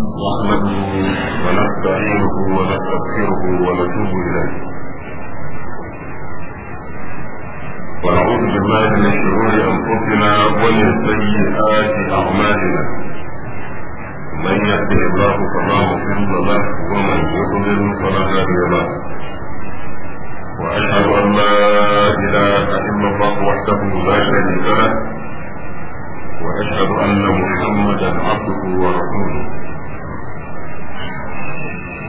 نحمده ونستعينه ونستغفره ونتوب اليه ونعوذ بالله من شرور انفسنا ومن سيئات اعمالنا من يهده الله فلا مضل له ومن يضلل فلا هادي له واشهد ان لا اله الا الله وحده لا شريك له واشهد ان محمدا عبده ورسوله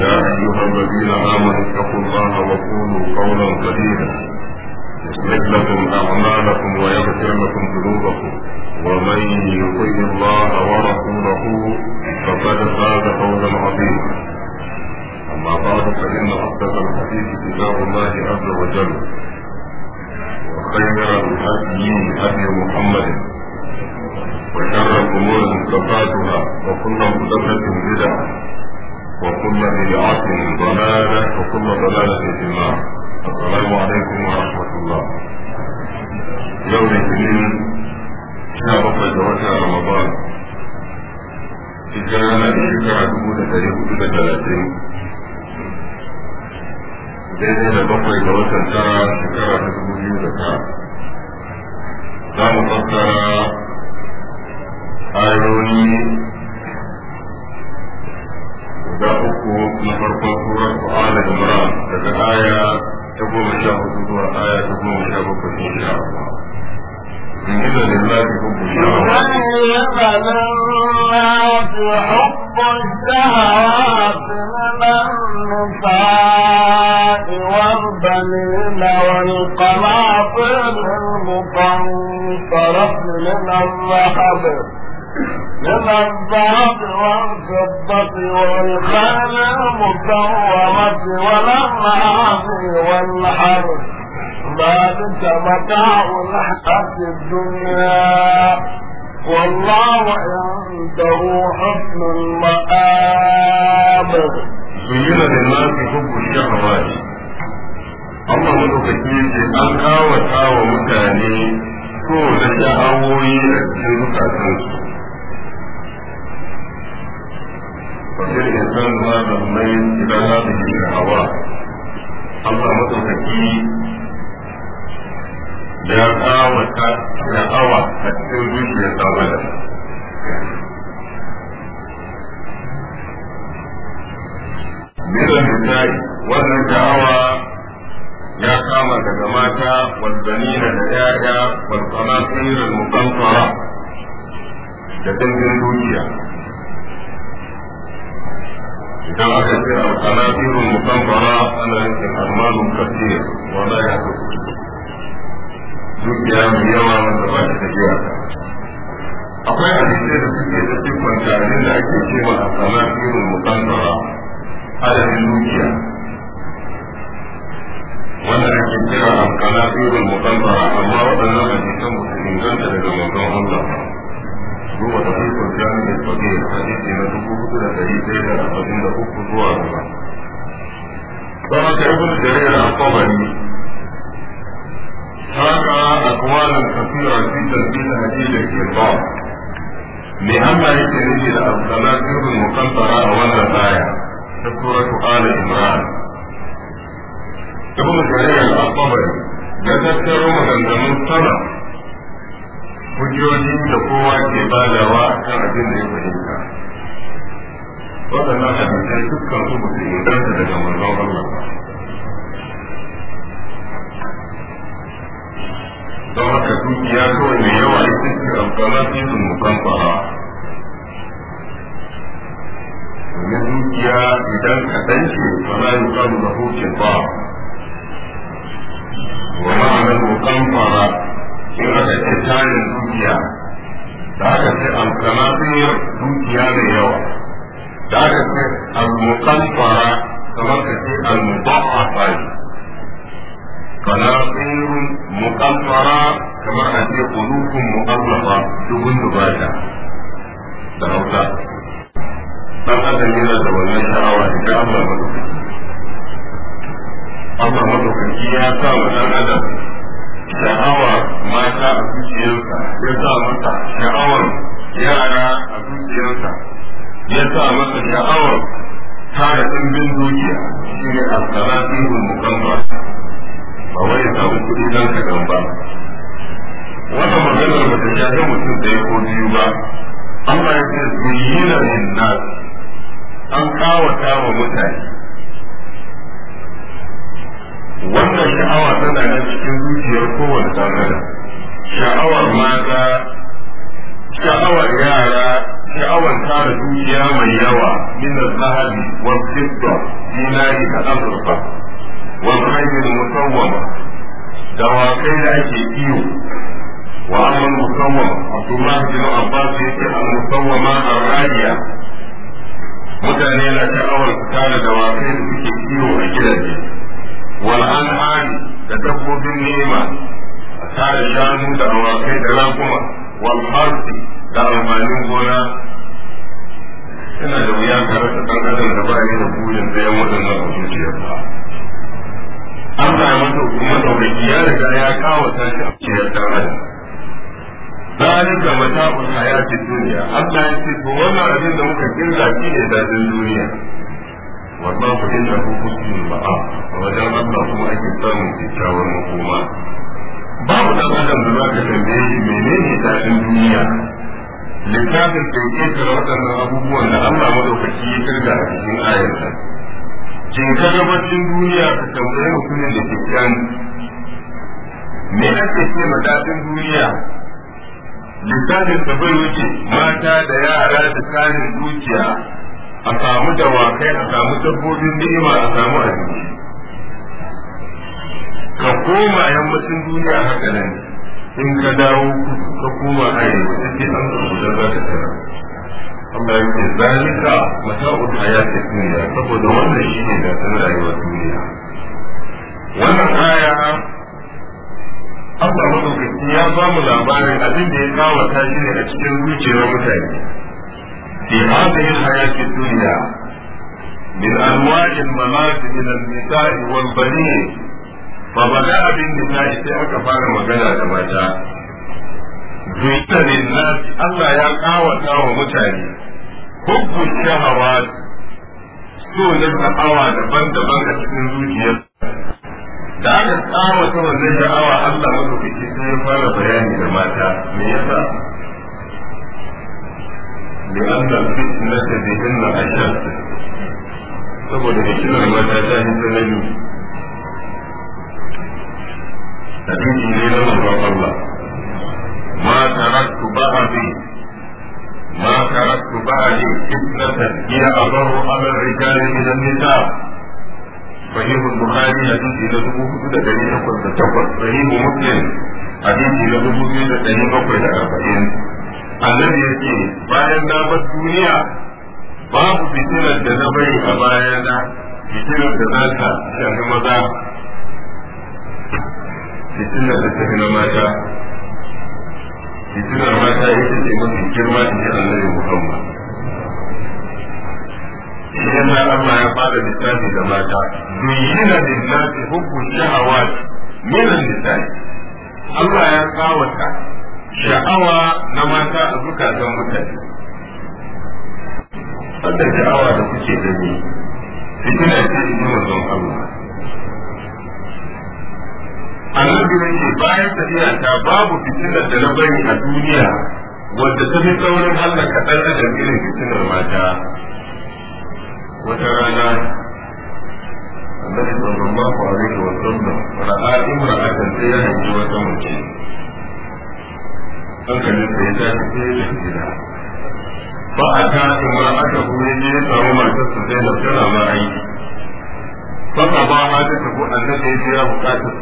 يا أيها الذين آمنوا اتقوا الله وقولوا قولا سديدا يصلح لكم أعمالكم ويغفر لكم ذنوبكم ومن يطيع الله ورسوله فقد فاز فوزا عظيما أما بعد فإن أصدق الحديث كتاب الله عز وجل وخير الهدي هدي محمد وشر الأمور مصطفاتها وكل مصطفى بدعة وكل بدعة ضلالة وكل ضلالة في النار السلام عليكم ورحمة الله يوم الاثنين شهر وجه رمضان الجنة لشكرة دمودة تاريخ كده ثلاثين daidai da bakwai ga watan tara shekara ta dubu biyu da tara za mu fassara ayoyi guda uku na farkon surar Al Imran daga aya ta goma sha hudu zuwa aya ta goma sha bakwai insha Allah. إن لله حب الشهوات حب الشهوات من النساء والبنين والقناطير المقنطرة من الذهب من الذهب والفضة والخيل المسومة والأنعام والحرث ذلك متاع الحياة الدنيا والله عنده حسن المآب زين في حب الشهوات Allah madaukaki ce an kawata wa mutane so da sha'awoyi a cikin zukatansu kuma ya san ma da mai da na da shi da hawa Allah da ya kawo ta da a cikin zuciya ta bada Bila misali, da'awa ya kama daga mata, wadda ni na da ƴaƴa, wadda na tsirin mutanta da dangin duniya. idan aka ce alƙalatirun musamfara ana yankin almalun kasir wanda ya fi dukiya mai yawa wanda ba shi da iyaka akwai hadisai da suke da cikin tarin da ake ce ma alƙalatirun musamfara adadin dukiya wanda ake kira alƙalatirun musamfara amma waɗannan hadisan musulmi daga manzon Allah zuwa da haifar jami'in fadiyar a jiki na dubu hudu da dari ɗaya da arba'in da uku zuwa zuwa. Zama ta ibn Jarir a Kwabari, haka a kwanan kafira fi tafiya a ji da ke ba, me an ma yake rage da abdala irin mukantara a wannan baya ta tura su ala imran. Ibn Jarir a Kwabari, ya tattaro maganganun sana hujjoji da kowa ke badawa kan abin da ya fahimta waɗannan hadisai dukkan su ba su inganta daga manzon Allah Ba don haka dukiya kawai mai yawa ita ce amfana fi su mukan fara domin dukiya idan kaɗan ce fara yi samu da hukin ba wa ma'anar mukan fara in aka ce tarin dukiya da aka ce alkanatiyar dukiya mai yawa da aka ce fara kamar ka ce almudha'afa قناطير مقنطرة كما أتي قلوب مؤلفة دبن دباشا da hausa dan adam yana da wannan sha'awa da Allah madaukaki Allah madaukaki ya sa wa dan adam sha'awar mata a zuciyarsa ya sa masa sha'awar yara a zuciyarsa ya sa masa sha'awar tara ɗimbin dukiya shi ne a ba wai ya samu kuɗi don ta gamba wannan maganar ba ta shafi mutum da ya ko biyu ba Allah ya ce zuyyina lin nas an kawata wa mutane wannan sha'awa tana nan cikin zuciyar kowane ɗan sha'awar mata sha'awar yara sha'awar tara zuciya mai yawa min al-zahabi wal fidda dinari da azurfa wa khayr musawwama da dawakai da ake iyo wa amal musawwama abdullah bin abbas yake al musawwama ar-radiya mutane na sha'awar tara dawakai da suke iyo a gidaje wal an'am da dabbobin ni'ima tare shanu da awakai da rakuma wal harfi da amfanin gona yana da wuya ka rasa dan adam da ba yi da burin da yan waɗannan abubuwan ya ya a cikin ذلك متاع الحياة الدنيا حتى يكتب وما عندهم كثير لكن إذا الدنيا والله إنه حسن a wajen الله kuma سامي samun شاور makoma. babu da adam da zaka tambaye menene dadin duniya littafin da yake da waɗannan abubuwan da Allah madaukaki ya kirga a cikin ayar kin ka gabacin duniya ka tambaye mutumin da ke kan me ake ce ma dadin duniya littafin da bai wuce mata da yara da tsarin zuciya. a samu dawakai a samu dabbobin ni'ima a samu abinci ka koma yammacin duniya haka nan in ka dawo ka koma arewa take an rubuta za ta tara Allah ya ce zalika mata'ul hayatid dunya saboda wannan shine da san rayuwar duniya wannan aya Allah madaukaki ya ba mu labarin abin da ya kawo ta ne a cikin zuciyar mutane في هذه الحياة الدنيا من أنواع الممات من النساء والبنين فبدأ بالنساء سيأكفان مجالا ماتا زيت للناس ألا يلقى وتاو متاني حب الشهوات سوء الشهوة دبن دبن cikin zuciyar da aka tsawa ta wannan sha'awa Allah mafi cikin fara bayani da mata me yasa لأن الفتنة بهن أشد saboda fitinar mata ta yi tsanani hadisi ne na manzon Allah ma taraktu ba'adi ma taraktu ba'adi fitnatan hiya abaru ala rijali صحيح البخاري حديث إلى دبوه إلى دليل أقوى صحيح مسلم حديث إلى دبوه إلى دليل أقوى annabi ya ce bayan na bar duniya babu fitilar da na bari a bayana fitilar da za ta shafi maza fitilar da ta na mata fitilar mata ita ce mafi girma in ji annabi muhammad idan na Allah ya fara lissafi da mata duyyina lillahi hubbu shahawat min minan nisai Allah ya kawata sha'awa na mata a zukatan mutane wadda sha'awa da suke gani fitina ce in yi mazan Allah annabi yake bayan tafiya ta babu fitinar da na bari a duniya wadda ta fi saurin hallaka da adam irin fitinar mata wata rana annabi sallallahu alaihi wa sallam ra'a kan tsaye ya hanji wata mace hankalin sa ya tashi sai ya gida ba a ta imra aka kuma ne ya samu matar sa sai tana Ba aiki faka ba ma ta tafi annabi ya biya bukatar ta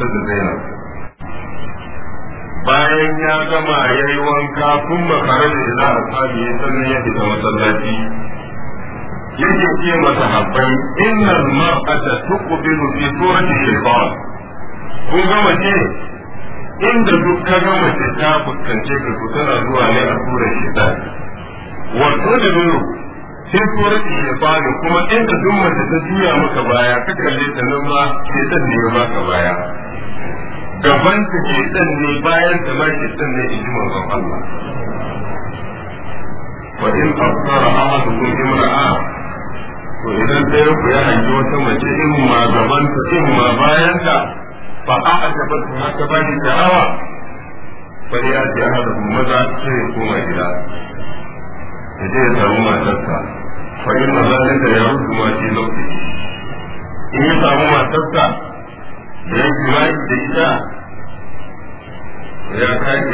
da zainab bayan ya gama ya yi wanka kun makarar da ina a sabi ya sannan ya fita masallaci yake ce masa habbai innal mar'ata tuqbilu fi surati shaytan kun gama ce inda duk ka ga mace ta fuskance ka ku tana zuwa ne a tura ta wato da nuno sai tura fara kuma inda duk mace ta juya maka baya ka kalle ta nan ma san ne ya ka baya gaban ta shaitan ne bayan ta ma shaitan ne in ji manzon Allah wa in afsara ahadukum imra'a to idan dai ku ya hangi wata mace in ma gaban ta in ma bayan ta fa a a tabar na ta ba ni sha'awa fa a ji maza sai ya koma gida ya je ya da ya rufu ma ce lokaci in ya samu matarsa da ya ji ra'ayi da ita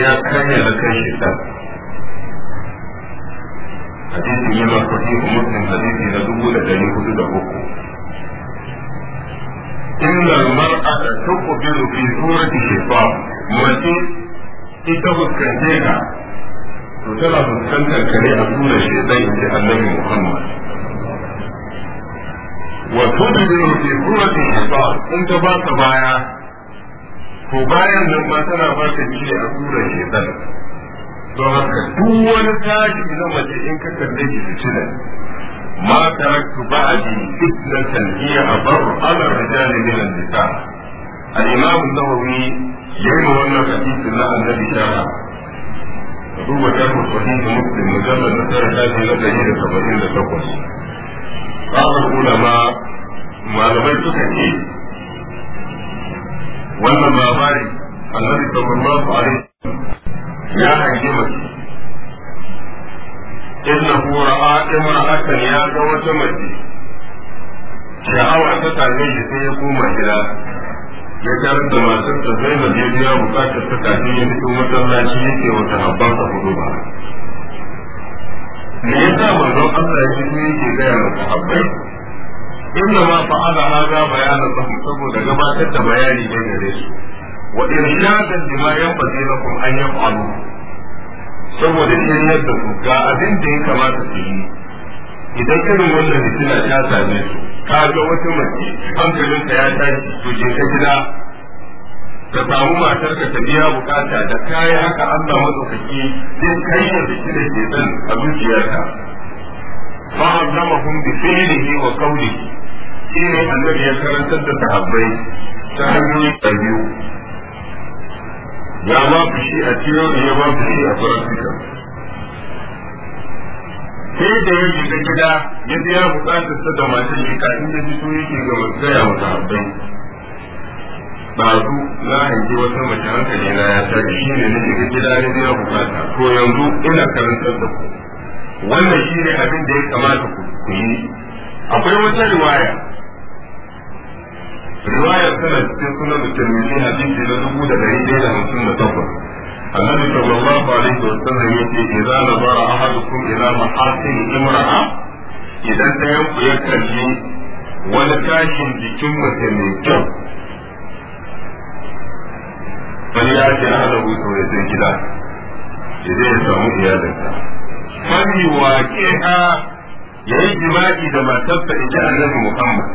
ya kanya da kai shi ta حديث يما inna al-mar'ata tuqbilu fi surati shaytan mace ita fuskance ka to tana fuskantar ka a tura shaytan inda annabi Muhammad wa tudbiru fi surati shaytan in ta ba ta baya to bayan nan ma tana ba ta ne a tura shaytan don haka duk wani tashi na mace in ka kalle ki fitina ما تركت بعدي فتنة هي أضر على الرجال من النساء الإمام النووي يوم وانا حديث الله النبي شاء هو كان صحيح مسلم مجمع نسار هذه لديه سبعين لتقص قال العلماء ما لبيت تكي وانا ما باري النبي صلى الله عليه وسلم ya haife innahu ra'a imra'atan ya ga wata mace sha'awa ta tare shi sai ya koma gida ya tarar da ta zai na biya bukatar ta kafin ya fito masallaci yake wata habban sa ba me yasa manzon Allah ya fito yake gaya masa habbai inda ma fa'ala hada bayanan lahum saboda gabatar da bayani ne gare su wa irshadan bima yanbaghi lakum an yaf'alu saboda shiryar da su ga abin da ya kamata su yi idan irin wannan fitina ya same su ka ga wata mace hankalinta ya tashi su je ka gida ka samu matar ka ta biya bukata da kaya haka Allah madaukaki zai kai da shi da ke dan a zuciyarka fa azamahum bi fi'lihi wa qawlihi shine annabi ya karantar da sahabbai ta hanyoyi biyu ya ba ku shi a cikin ya ba ku shi a farantika sai da ya da gida ya ji ya bukatar sa da matan shi kafin da fito yake ga gaya wata abin ɗazu na hanki wata mace hankali na ya da shi ne na shiga gida ya ji ya bukata to yanzu ina karantar da ku wannan shi ne abin da ya kamata ku yi akwai wata riwaya riwayar tana cikin sunan tirmidhi hadisi na dubu da dari ɗaya da hamsin da takwas annabi sallallahu alaihi wa sallam yace idza nazara ahadukum ila mahasin imra'a idan ɗayan ya kalli wani tashin jikin mace mai kyau wani ya ce ana hutu ya sai gida idan ya samu iyalinsa fani wa ya yi jima'i da matarsa in ji annabi muhammad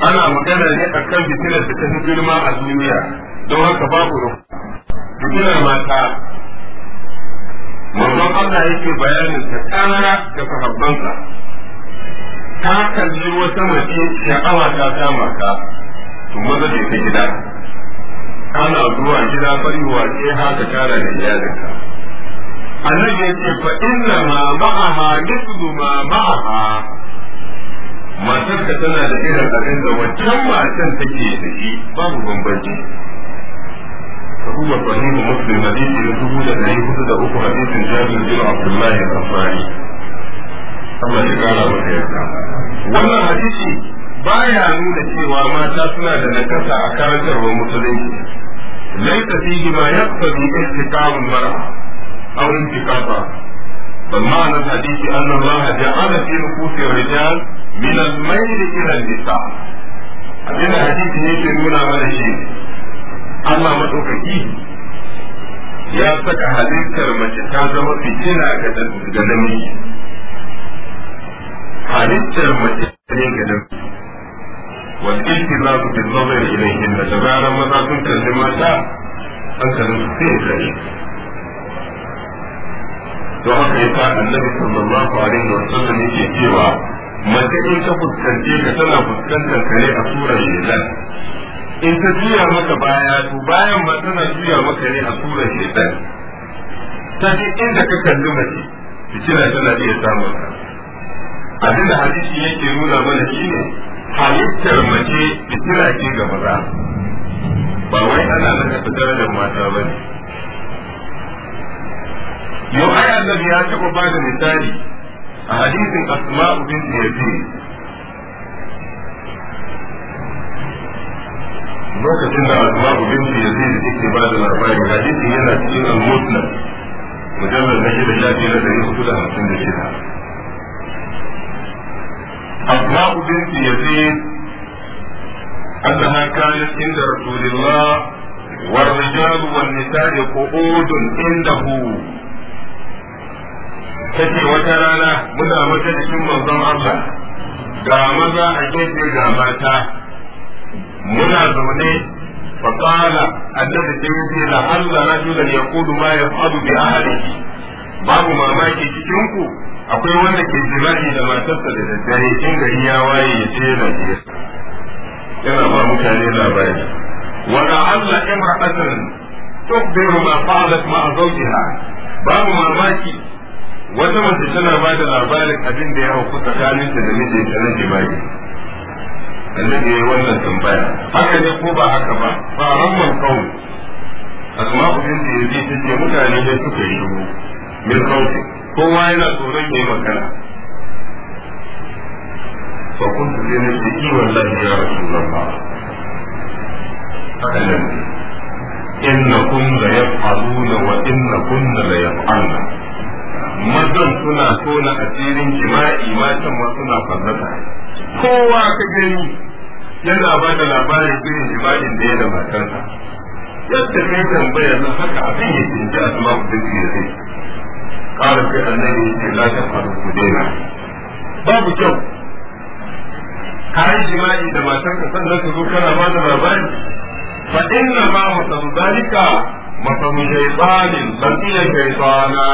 ana magana ne a kan fitilar da ta fi girma a duniya don haka babu ruhu fitilar mata manzon Allah yake bayanin ta tsara da sahabbansa ta kalli wata mace sha'awa ta kama ka to maza ce ta gida ana zuwa gida fariwa ke haka tara da iyalinka annabi yake fa inna ma ma'aha mithlu ma ma'aha matar ka tana da irin abin da wancan matan take da shi babu bambanci فهو na dubu da لسهولة أن da uku, حديث جابر بن عبد الله الأنصاري Allah ya kara maka yarda wannan hadisi baya nuna cewa mata suna da nakasa a karantarwar musulunci laita fihi ma yaqtadi ihtiqam al-mar'a aw intiqaba bal ma'na al-hadisi anna Allah ja'ala fi nufusi rijal min al-mayl ila nisa abin da ne ke nuna mana shi Allah madaukaki ya saka halittar mace ta zama fitina ga ga namiji halittar mace ne ga namiji wal iltizam bil nazar ilayhin da zabaran maza sun kalli mata an kalli su sai gare don haka yasa annabi sallallahu alaihi wa sallam yake cewa mace in ta fuskance ka tana fuskantar ka ne a surar shaitan in ta juya maka baya to bayan ma tana juya maka ne a surar shaitan ta inda ka kalli mace fitina tana iya samun ka abinda hadisi yake nuna mana shine halittar mace fitina ce ga maza ba wai ana naka fitar da mata ba ne yau ai annabi ya taɓa ba da misali a hadisin asma'u bin yazid lokacin da asma'u bin yazid take ba da labari yana cikin al-muslim mujallar na shida sha biyar da yusu da hamsin da shida asma'u bin yazid أنها كانت عند رسول الله والرجال والنساء قعود عنده ta ce wata rana muna majalisin manzon Allah ga maza a gefe ga mata muna zaune Allah فقال da ya kudu ma ya ما bi بأهله babu mamaki cikin cikinku akwai wanda ke jima'i da matarsa da daddare in gari ya waye ya ce na je yana ba mutane labari wa Allah imra'atan tukbiru ma fa'alat ma'a zawjiha babu mamaki wata mace tana ba da labarin abin da ya hau hauku tsakanin da miji ta nan jima'i annabi ya wannan tambaya haka ne ko ba haka ba fa ramman kawu asma'u binti yazid tace mutane ne suka yi shiru min kauti kowa yana tsoron yayi magana fa kuntu zai na ce ki wallahi ya rasulullah haka nan innakum la yaf'aluna wa innakum la yaf'alna mazan suna na asirin jima'i matan ma suna fallasa kowa ka gani yana ba da labarin irin jima'in da ya da matarsa yadda kai tambaya na haka abin ya ce ji asma ku duk ya zai ƙara fi annabi ya ce la ta faru ku daina babu kyau ka yi jima'i da matarsa sannan ka zo kana ba da labari fa inna ma masan zalika masan shaytanin lafiya shaytana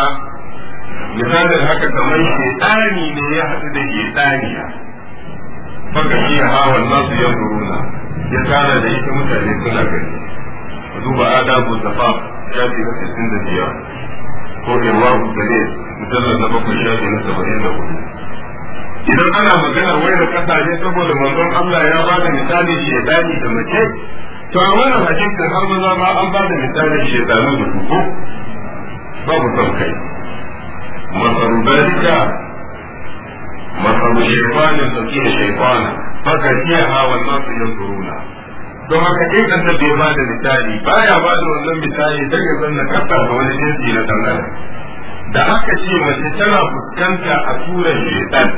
misalin haka kamar shedani ne ya haɗu da shedaniya faka shi ha wannan su ya nuna ya tara da ita mutane suna gani duba adabu zafa shafi na sittin da biyar ko irwa gare mujallar na bakwai shafi na saba'in da hudu idan ana magana wai da kasashe saboda manzon Allah ya ba da misali shedani da mace to a wannan hadisin har maza ma an ba da misalin shedanu da kuku babu son kai مثل ذلك مثل شيطان سكين شيطانا فكشيها والناس ينظرون don haka dai kan bai ba da misali baya ba da wannan misali dan ya zanna kasa ga wani jinsi na dan da haka ce mace tana fuskanta a turan shaitan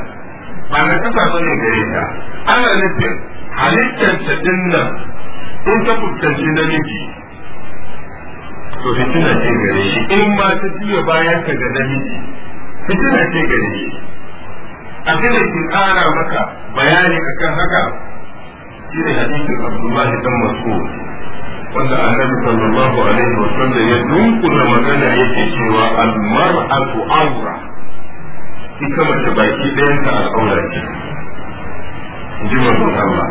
ba na kasa ba bane gare ta ana nufin halittar ta dinnan in ta fuskanci namiji to fitina ce gare shi in ma ta juya bayan ka ga namiji fitina ce gare shi abin da ke tsara maka bayani akan haka shi ne hadisin abdullahi dan mas'ud wanda annabi sallallahu alaihi wa sallam ya dunkula magana yake cewa al-mar'atu awra ita mace baki ɗayan ta al'aura ce ji da Allah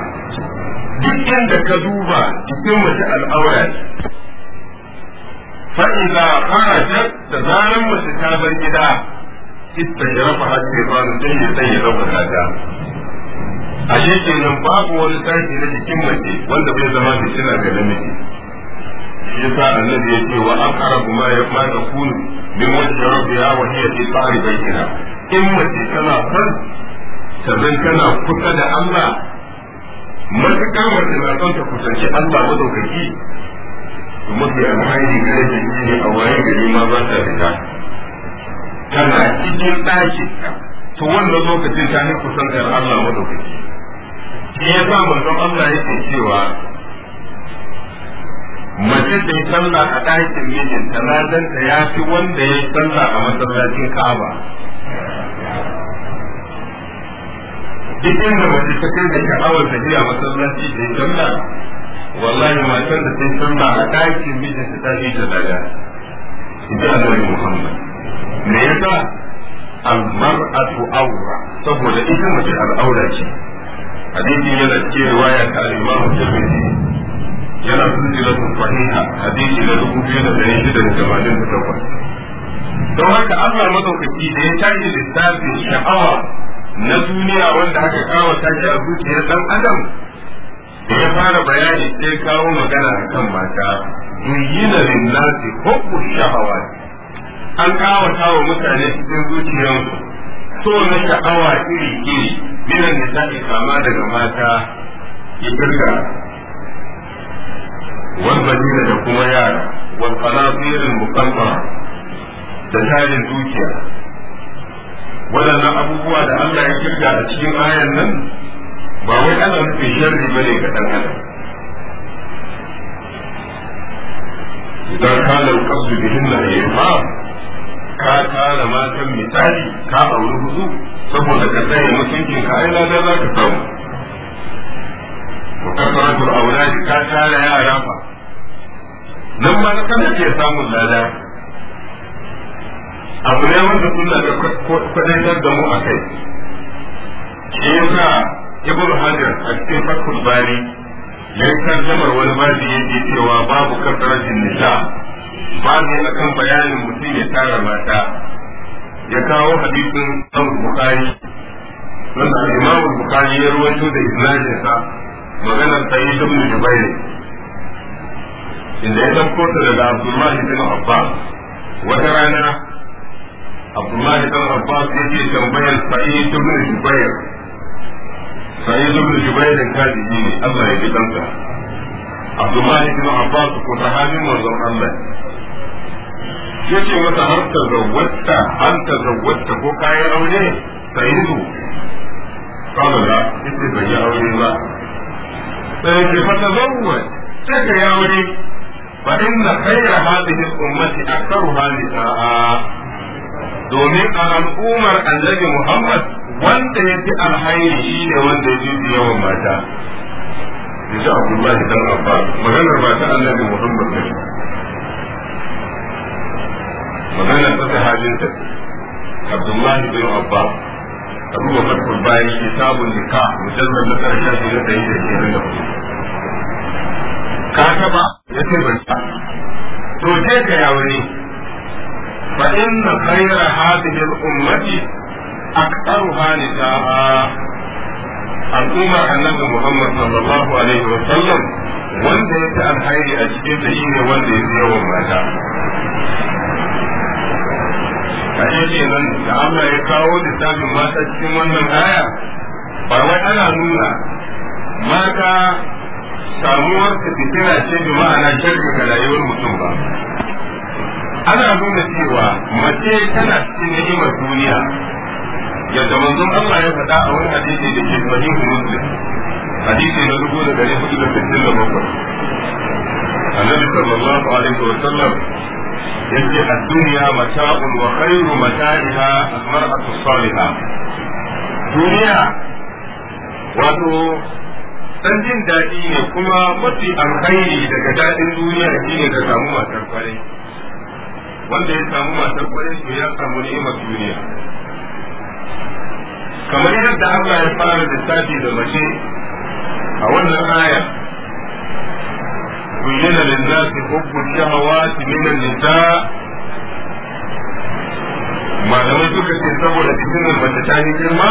duk inda ka duba jikin mace al'aura ce fa idza kharajat da zaran mace ta bar gida ba hashaytan sai ya sai ya rabuta ta ashe nan babu wani sashi na jikin mace wanda bai zama fitina ga namiji yasa annabi ya ce wa aqrabu ma yaqma takunu min ya wani wa hiya fi sa'ri baytina in mace tana son ta zan tana kusa da Allah matukar mace na son ta kusanci Allah madaukaki kuma mafi alhaji gare ta ne a wayan gari ma ba ta fita kana cikin ɗakin ka to wannan lokacin ta san kusantar Allah madaukaki shi ya sa manzon Allah yake cewa mace da ya sallah a ɗakin mijinta ta ya fi wanda ya sallah a masallacin Ka'aba duk inda mace ta kai da sha'awar ta a masallaci da janna wallahi matan da ta yi sallah a ɗakin mijinta ta fi da daga idan Muhammad me yasa al-mar'atu awra saboda ita mace al-aura ce hadisi yana cikin riwaya ta al-Imam Tirmidhi yana da sahiha hadisi da dubu biyu da ɗari shida da tamanin da takwas don haka Allah madaukaki da ya tashi lissafin sha'awa na duniya wanda haka kawo tashi a zuciyar dan adam da ya fara bayani sai kawo magana akan mata yuyyina lin-nasi hubbu shahawati an kawata wa mutane cikin su so na sha'awa iri iri da nisa'i kama daga mata ibirka wal madina da kuma yara wal qanatirul muqammara da tarin zuciya. waɗannan abubuwa da Allah ya kirga a cikin ayan nan ba wai ana nufin sharri bane ga dan adam إذا كان القصد qabdu bihinna ka kara matan misali ka auri huzu saboda ka tsaye mutuncin ka ai lada za ka samu wa kasaratul auladi ka kara yara fa nan ma ka nake samun lada abu ne wanda sunna da kwadaitar da mu a kai shi yasa ibn hajar a cikin fakul bari ya yi tarjamar wani da yake cewa babu kasarar nisa na kan bayanin mutum ya tara mata ya kawo hadisin Abu Bukhari wanda Imam Bukhari ya rawaito da maganar sa maganar Sayyid da bayan. inda ya dauko ta daga Abdullahi bin Abbas wata rana Abdullahi bin Abbas yake tambayar Sayyid ibn Jubair Sayyid ibn Jubair kaji ne Allah ya ji kansa abdullahi bin abbas ko sahabin manzon Allah yace mata har ta zawwata an ta zawwata ko kai aure sai zu kana da ita bai aure ba sai ce fata zawwa take ya aure fa inna khayra hadhihi ummati aktharuha nisaa domin a al'ummar annabi Muhammad wanda ya fi alhairi shi ne wanda ya fi yawan mata in ji abdullahi dan abbas maganar ba ta annabi muhammad ne maganar ta ta abdullahi bin abbas abu ba fatul bayan kitabun nikah mujallar na karshen su ne da yake kenan da ka taba ya ce ban ta to je ka yawuri fa inna khayra hadhihi al-ummati aktharuha nisaa al'ummar annabi Muhammad sallallahu alaihi wa sallam wanda ya ta alhairi a cikin ta wanda ya fi yawan mata a yake nan da Allah ya kawo lissafin mata cikin wannan aya ba ana nuna samuwar ta fitina ce da ma'ana shirka ga rayuwar mutum ba ana nuna cewa mace tana cikin ni'imar duniya yadda manzon Allah ya faɗa a wani hadisi da ke sahihu muslim hadisi na dubu da gari hudu da sittin da bakwai annabi sallallahu alaihi wa sallam yace ad-dunya mata'un wa khayru mata'iha al-mar'atu salihah duniya wato dan jin dadi ne kuma mafi alkhairi daga daɗin duniya shine ka samu matar kwarai wanda ya samu matar kwarai to ya samu ni'imar duniya kamar yadda Allah ya fara lissafi da mace a wannan aya زين للناس حب الشهوات من النساء ما لم saboda fitinar mace ta yi girma,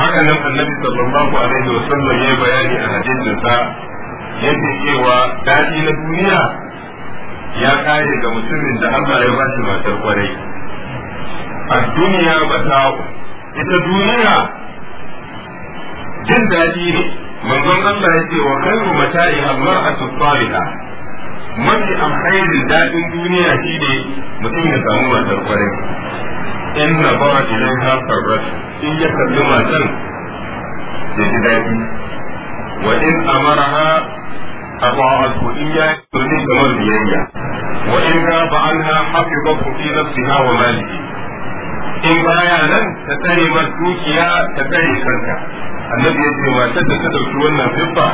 haka nan annabi sallallahu alaihi wa sallam ya bayani a hadisin sa yake cewa dadi na duniya ya kare ga mutumin da Allah ya ba shi matar kwarai duniya dunya mata'u ita duniya jin daɗi ne manzon Allah ya ce wa kalbu mata'i al-mar'atu salihah mafi alkhairin daɗin duniya shine mutum ya samu matar in na ba ilaiha sarrat ji daɗi أطاعته إياه تريد مال وإن غاب عنها حفظته في نفسها وماله in baya nan ta tsare ma dukiya ta tsare kanta annabi ya ce matar da ta dauki wannan fifa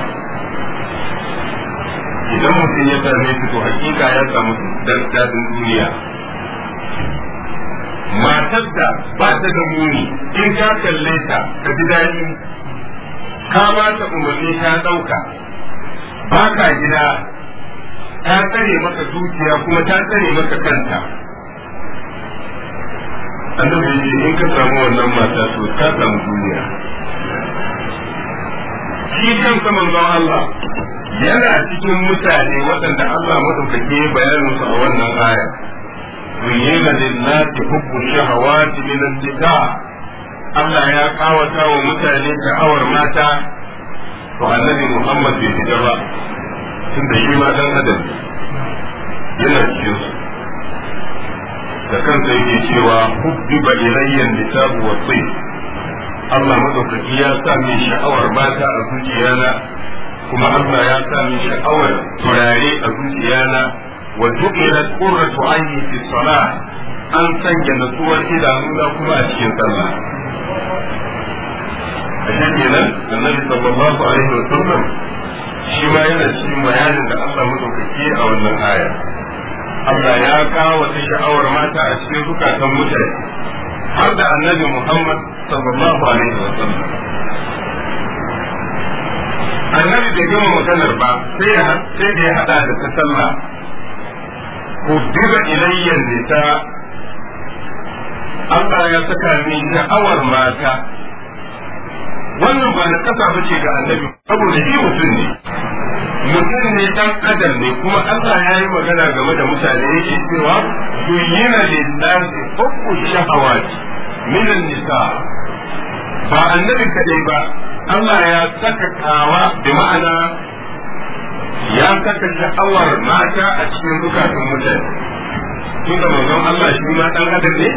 idan mutum ya same ta to hakika ya samu dadin duniya matar da ba ta da muni in ka kalle ta ka ji daɗi ka ba ta umarni ta ɗauka ba ka gida ta tsare maka dukiya kuma ta tsare maka kanta annabi ya in ka samu wannan mata to ka samu duniya shi saman manzon Allah yana cikin mutane waɗanda Allah madaukake bayanin su a wannan aya zuyina lillahi hubbu shahawati min an-nisaa Allah ya kawata wa mutane sha'awar mata to annabi Muhammad bai fita ba tunda shi ma dan adam yana cikin su da kansa yake cewa hubbiba ilayya nisabu wa tsayi Allah madaukaki ya sa min sha'awar mata a zuciyana kuma Allah ya sa min sha'awar turare a zuciyana wa ju'ilat qurratu ayni fi salah an sanya natsuwar na kuma a cikin sallah a kenan annabi sallallahu alaihi wa sallam shi ma yana cikin bayanin da Allah madaukaki a wannan aya Allah ya kawo ta sha'awar mata a cikin zukatan mutane har da annabi Muhammad sallallahu alaihi sallam annabi bai gama maganar ba sai ya sai da ya hada da ta sallah kuddira ilayya ta Allah ya saka ni sha'awar mata wannan ba na kasa ba ce ga annabi saboda shi mutum ne mutum ne dan adam ne kuma Allah ya yi magana game da mutane ke cewa yuyyina lillahi hubbu shahawati min nisa ba annabi kadai ba Allah ya saka kawa bi ma'ana ya saka shahawar mata a cikin zukatan mutane tunda manzon Allah shi ma dan adam ne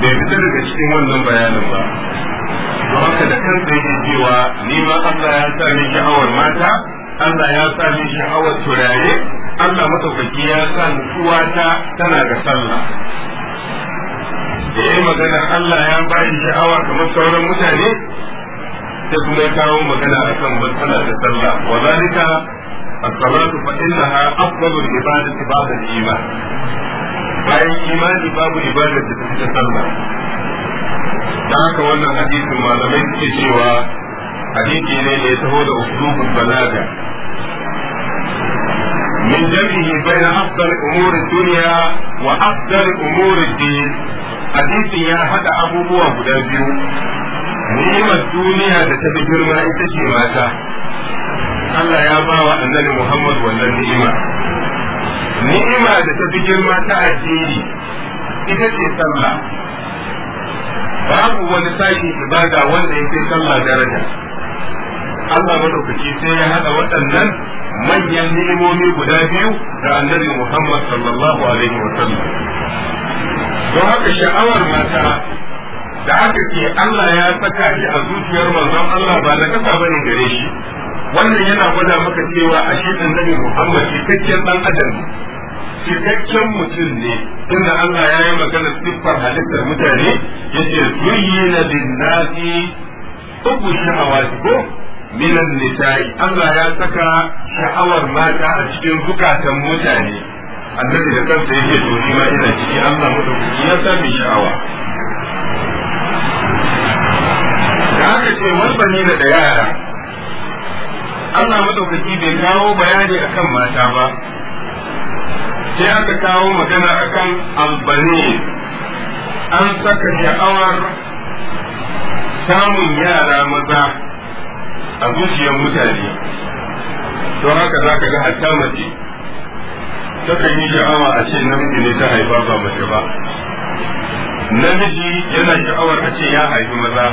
bai fita daga cikin wannan bayanin ba don haka da kan yake cewa ni ma Allah ya sa ni sha'awar mata Allah ya sa ni sha'awar turare Allah madaukaki ya sa nutsuwata tana ga sallah da ya yi magana Allah ya shi sha'awa kamar sauran mutane ta kuma ya kawo magana a akan matsala da sallah wa zalika as-salatu fa innaha afdalul ibadati ba bayan imani babu ibadar da ta sallah da haka wannan hadisin malamai suke cewa hadisi ne da ya taho da usulubul balaga من جمعه بين أفضل أمور wa وأفضل أمور الدين حديث ya هذا أبو guda biyu. ni'imar duniya da ta fi girma ita ce mata Allah ya ba wa annabi Muhammad wannan ni'ima ni'ima da ta fi girma ta addini ita ce sallah babu wani sashi ibada wanda ya kai sallah daraja Allah madaukaki sai ya hada waɗannan manyan ni'imomi guda biyu da annabi Muhammad sallallahu alaihi wa sallam don haka sha'awar mata da aka ce Allah ya saka shi a zuciyar manzon Allah ba da kasa bane gare shi wannan yana gwada maka cewa a shi annabi Muhammad cikakken ɗan adam cikakken mutum ne inda Allah ya yi magana siffar halittar mutane ce zuyyina bin nasi ubu shahawati ko minan nisa'i Allah ya saka sha'awar mata a cikin bukatan mutane annabi da kansa yake to ma ina ciki Allah madaukaki ya sa sha'awa da aka ce wani da yara Allah madaukaki bai kawo bayani akan mata ba sai aka kawo magana akan albani an saka sha'awar samun yara maza a zuciyar mutane don haka za ka ga hatta mace takan yi sha'awa a ce namiji ne ta haifa ba mace ba namiji yana sha'awar a ce ya haifi maza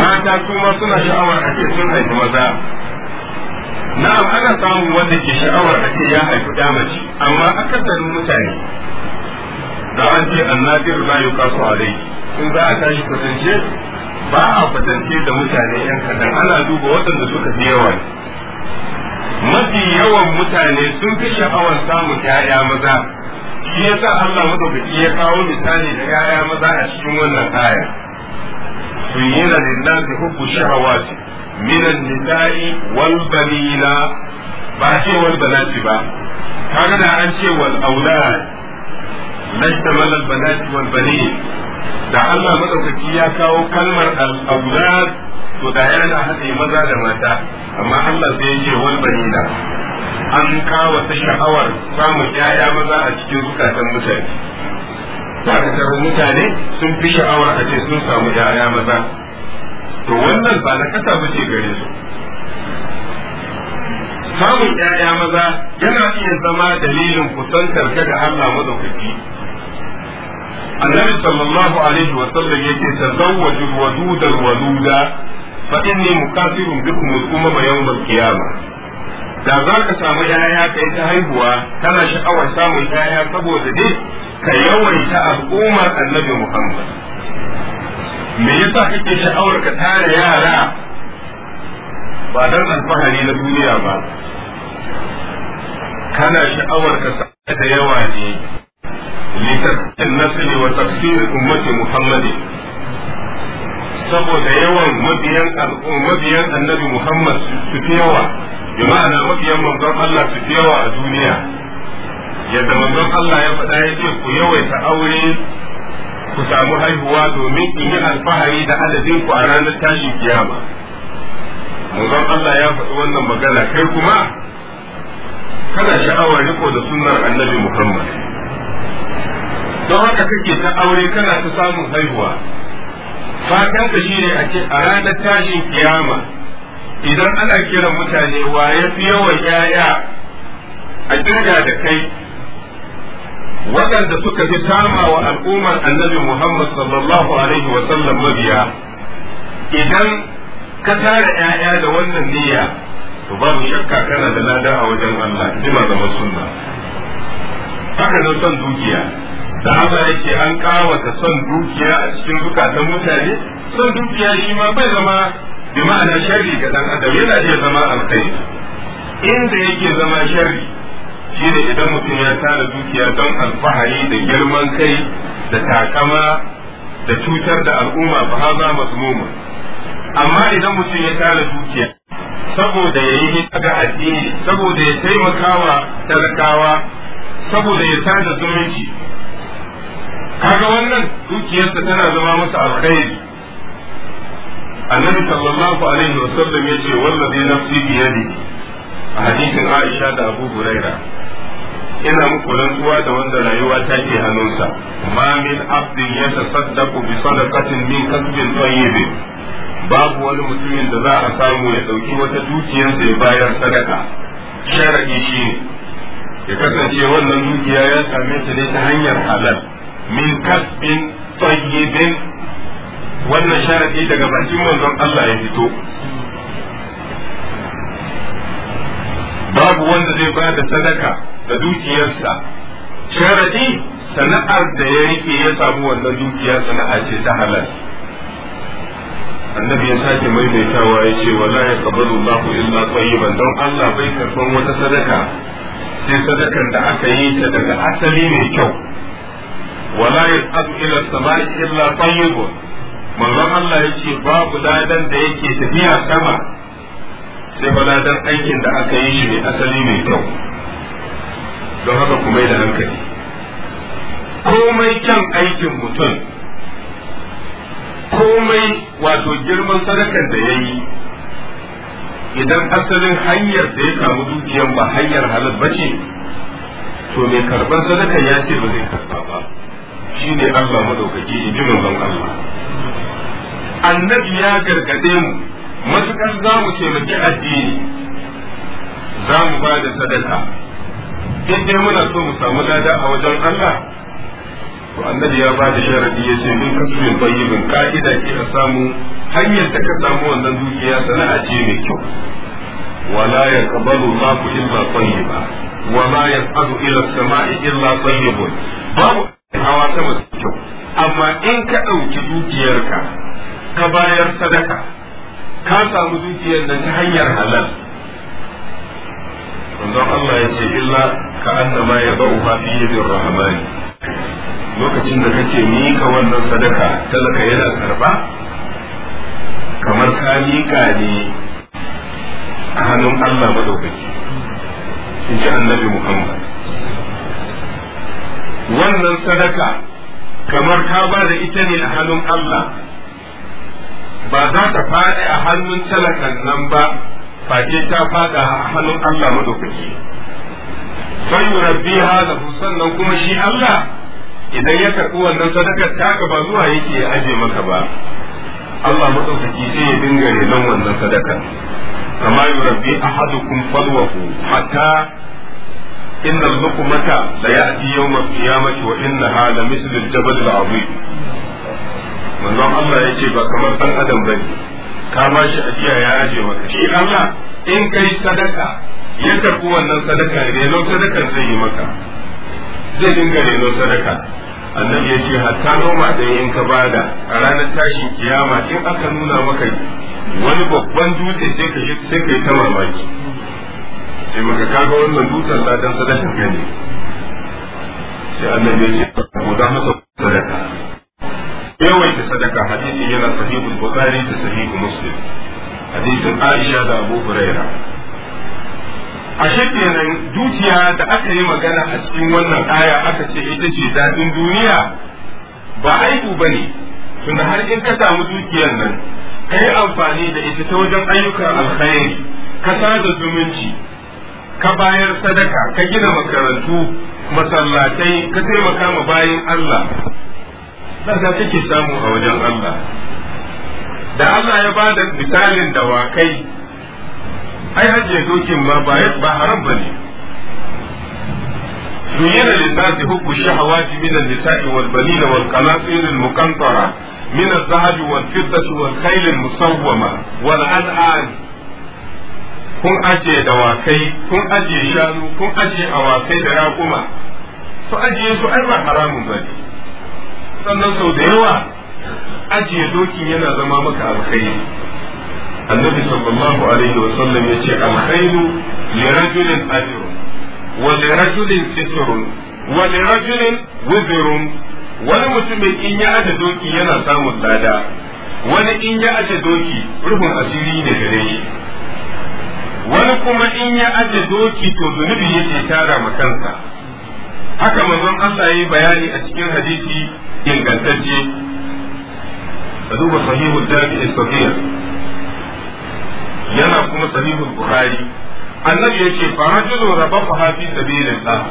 mata kuma suna sha'awar a ce sun haifi maza na'am ana samun wanda ke sha'awar a ya haifi damaci amma amma akasarin mutane da an ce annadir la yuqasu alayhi in za a tashi kwatance ba a kwatance da mutane yan kadan ana duba waɗanda suka fi yawa mafi yawan mutane sun fi sha'awar samun ya'ya maza shi yasa Allah madaukaki ya kawo misali da ya'ya maza a cikin wannan aya sun yi na lillahi hubbu shahawati min an-nisa'i wal banina ba ce wal banati ba kaga da an ce wal wal da Allah madaukaki ya kawo kalmar al aulad to da yana haɗe maza da mata amma Allah sai ya wal banina an kawo ta sha'awar samun yaya maza a cikin zukatan mutane da mutane sun fi sha'awar a ce sun samu yaya maza to wannan ba na kasa ba ce gare su samun ƴaƴa maza yana iya zama dalilin kusantar ka ga Allah madaukaki annabi sallallahu alaihi wa sallam yake tazawwaju waduda waluda fa inni mukasirun bikum al-umma yawm qiyamah da za ka samu yaya kai ta haihuwa kana sha'awar samun yaya saboda dai ka yawaita al'ummar annabi Muhammad me yasa kake sha'awar ka tara yara ba dan alfahari na duniya ba kana sha'awar ka sai da yawa ne litattin nasiri wa tafsir ummati muhammadi saboda yawan mabiyan mabiyan annabi muhammad su fi yawa bi ma'ana mabiyan manzon Allah su fi yawa a duniya yadda manzon Allah ya faɗa ya ku yawaita aure ku samu haihuwa domin in yi alfahari da adadin ku a ranar tashin kiyama manzon Allah ya faɗi wannan magana kai kuma kana sha'awar riko da sunnar annabi Muhammad don haka kake ta aure kana ta samun haihuwa fatan ka shine a ce a ranar tashin kiyama idan ana kiran mutane wa ya fi yawan yaya a kirga da kai waɗanda suka ji tama wa al'ummar annabi Muhammad sallallahu alaihi wa sallam mabiya idan ka tara ‘ya'ya da wannan niyya to babu shakka kana da lada a wajen Allah jima da sunna haka nan son dukiya da haka yake an kawata son dukiya a cikin zukatan mutane son dukiya shi ma bai zama bi ma'ana sharri ga dan adam yana iya zama alkhairi inda yake zama sharri shi ne idan mutum ya tara dukiya don alfahari da girman kai da takama da cutar da al'umma fa haza mazmumun amma idan mutum ya tara dukiya saboda ya yi ga addini saboda ya taimakawa talakawa saboda ya tada zumunci kaga wannan dukiyarsa tana zama masa alkhairi annabi sallallahu alaihi wasallam ce wallahi nafsi biyadi a hadisin Aisha da Abu Hurairah ina muku rantsuwa da wanda rayuwa ta ke hannunsa ma min abdin ya tasaddaqu bi sadaqatin min kasbin tayyib babu wani mutumin da za a samu ya ɗauki wata dukiyarsa ya bayar sadaka sharadi shi ya kasance wannan dukiya ya same ta ne ta hanyar halal min kasbin tayyibin wannan sharadi daga bakin manzon Allah ya fito babu wanda zai ba da sadaka da dukiyarsa sharadi sana'ar da ya rike ya samu wannan dukiya sana'a ce ta halal annabi ya sake maimaitawa ya ce wala ya kabalu Allahu illa tayyiban don Allah bai karban wata sadaka sai sadakar da aka yi ta daga asali mai kyau wala yasadu ila samai illa tayyibun manzon Allah ya ce babu ladan da yake tafiya sama sai dan aikin da aka yi shi ne asali mai kyau don haka kuma da hankali komai kyan aikin mutum komai wato girman sadakar da ya yi idan asalin hanyar da ya samu dukiyan ba hanyar halar ba ce to mai karban sadaka ya ce ba zai karba ba shi ne Allah madaukaki in ji ban Allah annabi ya gargade mu matukan za mu taimaki addini za mu ba da sadaka duk dai muna so mu samu lada a wajen Allah to annabi ya ba da sharadi ya ce min kasbin tayyibin ka'ida ke a samu hanyar da ka samu wannan dukiya sana'a ce mai kyau wala ya ma ku illa tayyiba wala yasadu ila as-sama'i illa tayyibun babu hawa sama kyau amma in ka dauki dukiyarka ka bayar sadaka ka samu dukiyar da ta hanyar halal Wanzan Allah ya ce illa ka annama ya ba'u ma fi yadir rahmani lokacin da kake mika wannan sadaka talaka yana karba kamar ka mika ne a hannun Allah madaukaki in ji annabi Muhammad wannan sadaka kamar ka ba da ita ne a hannun Allah ba za ta faɗi a hannun talakan nan ba face ta faɗa a hannun Allah madaukaki sai rabbi hada sannan kuma shi Allah idan ya karɓi wannan sadakar taka ba zuwa yake ya aje maka ba Allah madaukaki sai ya dinga renon wannan sadakar kama yurabbi ahadukum falwahu hatta إن wa inna يوم القيامة وإنها jabal al-azim manzon Allah ya ce ba kamar san adam ba ne ka ba shi ajiya ya aje maka shi Allah in kai sadaka ya tafi wannan sadaka reno sadaka zai yi maka zai dinga reno sadaka annabi ya ce hatta noma ɗaya in ka bada a ranar tashin kiyama in aka nuna maka wani babban dutse sai ka shi sai kai ta mamaki sai maka ga wannan dutsen dan sadaka ne. sai annabi ya ce ku da haka sadaka yawaita sadaka hadisi yana sahihul bukhari da sahihul muslim hadisin aisha da abu huraira A kenan dukiya da aka yi magana a cikin wannan aya aka ce ita ce daɗin duniya ba aibu ba ne tunda har in ka samu dukiyar nan ka yi amfani da ita ta wajen ayyukan alkhairi ka sada zumunci ka bayar sadaka ka gina makarantu masallatai ka taimaka ma bayan Allah lada take samu a wajen Allah da Allah ya ba da misalin dawakai ai hajje dokin ma ba ba haram bane زين للناس حب الشهوات من النساء والبنين والقناطير المقنطرة من الذهب والفضة والخيل المسومة والأنعام kun ajiye dawakai kun ajiye shanu kun ajiye awakai da raƙuma su ajiye su ai ba haramun bane sannan sau da yawa ajiye dokin yana zama maka alkhairi annabi sallallahu alaihi wa sallam yace alkhairu li rajulin ajrun wa li rajulin sitrun wa li rajulin wizrun wani mutumin in ya aje doki yana samun lada wani in ya aje doki ruhun asiri ne gare shi wani kuma in ya aje doki to zunubi yake tara ma kansa haka manzon Allah yayi bayani a cikin hadisi ingantacce ka duba sahihul jami'i istafiya yana kuma sahihul bukhari annabi yace fa rajulun hafi fi sabilillah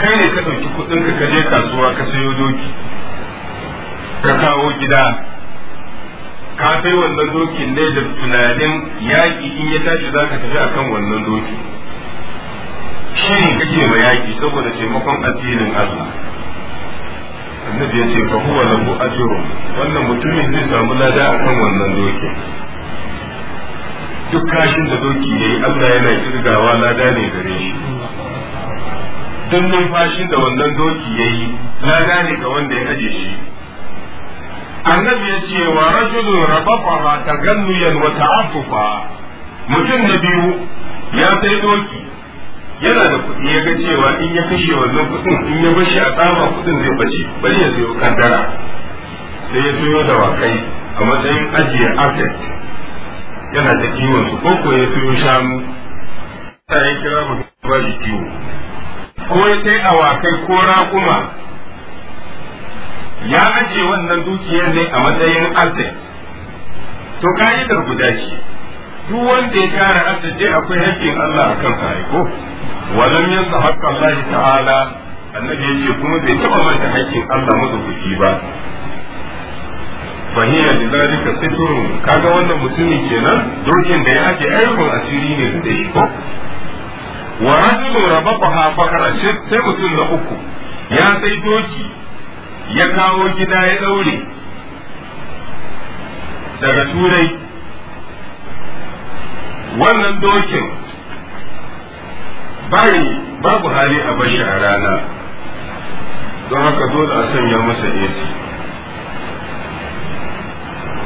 kai ne ka dauki kudin ka je kasuwa ka sayo doki ka kawo gida ka kai wannan dokin ne da tunanin yaƙi in ya tashi ka tafi akan wannan doki shi ne kake ma yaƙi saboda taimakon addinin Allah annabi ya ce fa huwa lahu ajrun wannan mutumin zai samu lada akan wannan doki duk kashin da doki yayi Allah yana kirgawa lada ne gare shi duk numfashin da wannan doki yayi lada ne ga wanda ya aje shi annabi ya ce wa ta gannu tagannuyan wa ta'affufa mutum na biyu ya sai doki yana da kuɗi ya ga cewa in ya kashe wannan kuɗin in ya bashi a tsama kuɗin zai bace bari ya siyo kaddara sai ya siyo wakai a matsayin ajiye asset yana da kiwon su ko ko ya siyo shanu ta yi kira mu ba shi kiwo ko ya sai wakai ko raƙuma ya ajiye wannan dukiyar ne a matsayin asset to ka'idar guda ce duk wanda ya tara dai akwai haƙƙin Allah a kan ko walam yansa haqqan Allah ta'ala annabi yace kuma bai taɓa manta haƙƙin Allah madaukaki ba fahiya da zalika sitrun kaga wannan mutumin kenan dokin da ya ake ayyukan asiri ne da shi ko wa rajulun rabataha fakara sai mutum na uku ya sai doki ya kawo gida ya daure daga turai wannan dokin bai babu hali a bashi a rana don haka dole a sanya masa AC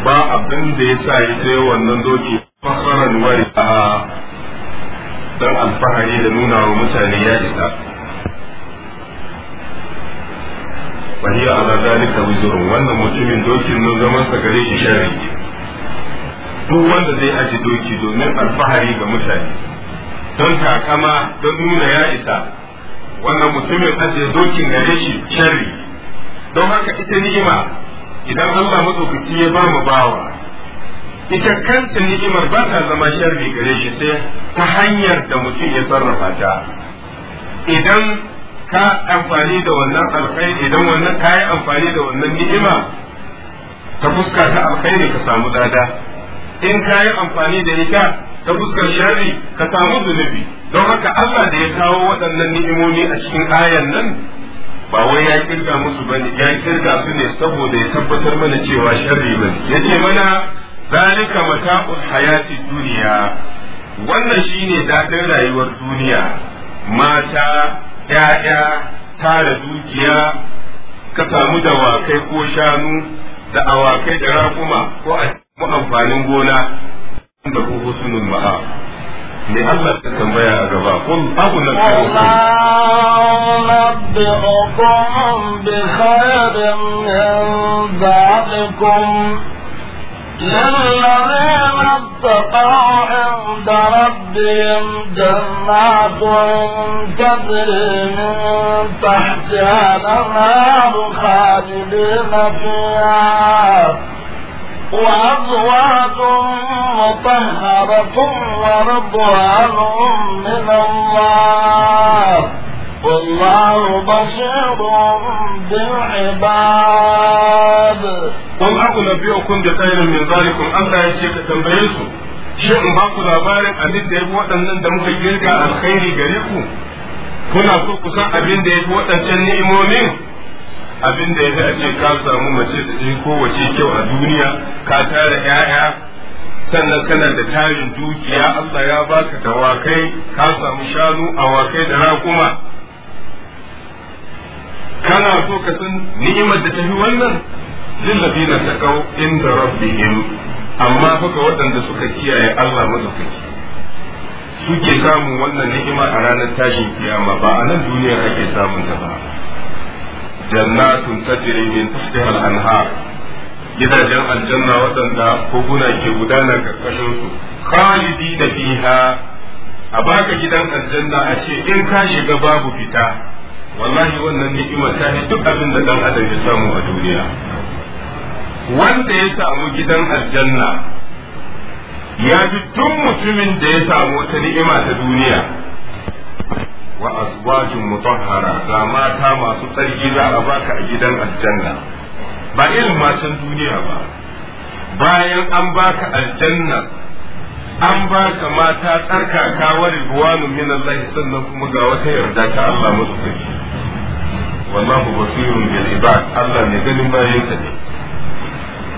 ba abin da ya sa ya sai wannan doki fasaran wari a don alfahari da nuna wa mutane ya isa wani a zalika wuzurin wannan mutumin dokin na zaman sa gare shi shari'i duk wanda zai aji doki domin alfahari ga mutane don takama don nuna ya isa wannan mutumin ajiye dokin gare shi sharri don haka ita ni'ima idan Allah matsaukaci ya ba mu bawa ita kanta ni'imar ba ta zama sharri gare shi sai ta hanyar da mutum ya sarrafa ta idan ka amfani da wannan alkhairi idan wannan ka yi amfani da wannan ni'ima ta fuska ta alkhairi ka samu dada in ka yi amfani da ita ta fuskar shari ka samu zunubi don haka Allah da ya kawo waɗannan ni'imomi a cikin ayan nan ba wai ya kirga musu ba ya kirga su ne saboda ya tabbatar mana cewa sharri Ya yace mana zalika mata'ul hayati duniya wannan shine dadin rayuwar duniya mata ya'ya tara dukiya ka samu dawakai ko shanu da awakai da raƙuma ko a amfanin gona له حسن المآب me Allah ta قل a gaba kun abu نبئكم بخير من ذلكم للذين اتقوا عند ربهم جنات تجري من تحتها الانهار خالدين فيها وأزواج مطهرة ورضوان من الله والله بصير بالعباد قل أقول أبيعكم بخير من ذلك أنت يا شيخ تنبيلكم شيخ مباك لابارك أن يدعي بوطن أن تمخيلك الخير قريكم هنا تقصى أبين دعي أن تنئي مؤمنكم abin da ya a ce ka samu mace da ta kowace kyau a duniya ka tara 'ya'ya sannan kana da tarin dukiya Allah ya baka dawakai ka samu shanu awakai da raƙuma kana so ka san ni'imar da ta fi wannan lillazina da inda rabbihim amma fa waɗanda suka kiyaye Allah madaukaki suke samun wannan ni'ima a ranar tashin kiyama ba a nan duniya ake samun ta ba jannatun tajri min tahtiha al-anhar gidajen aljanna waɗanda koguna ke gudana karkashin su khalidi da fiha a baka gidan aljanna a ce in ka shiga babu fita wallahi wannan ni'ima ta ne duk abin da dan adam ya samu a duniya wanda ya samu gidan aljanna ya fi duk mutumin da ya samu wata ni'ima ta duniya wa azwajun mutahhara da mata masu tsarki za a baka a gidan aljanna ba irin matan duniya ba bayan an baka aljanna an baka mata tsarkaka wa ridwanu min Allah sannan kuma ga wata yarda ta Allah musu tsarki wallahu basirun bil ibad Allah ne ganin bayan ta ne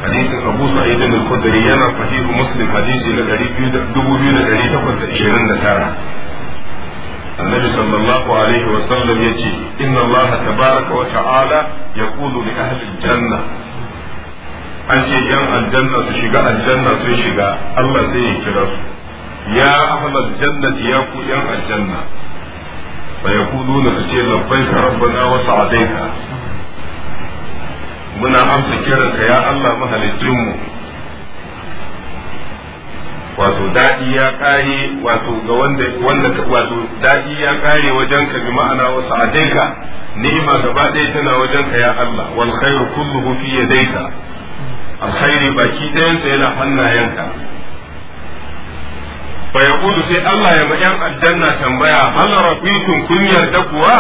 hadisin Abu Sa'id al-Khudri yana sahih Muslim hadisi na 2229 annabi sallallahu alaihi wa sallam yace inna Allah tabaraka wa ta'ala yaqulu li ahli janna an ce yan aljanna su shiga aljanna sun shiga Allah sai ya kira su ya ahli aljannati ya ku yan aljanna fa yaquluna su ce labbaika rabbana wa sa'adaika muna amsa kiranka ya Allah mahalicinmu mu wato daɗi ya kare wato ga wanda wanda wato daɗi ya kare wajen ka bi ma'ana wa sa'adaika ni'ima gaba ɗaya tana wajen ka ya Allah wal khairu kulluhu fi yadayka alkhairi baki ɗayan sa yana hannayenka fa yaqulu sai Allah ya ma'an aljanna tambaya hal rafiqun kun yarda kuwa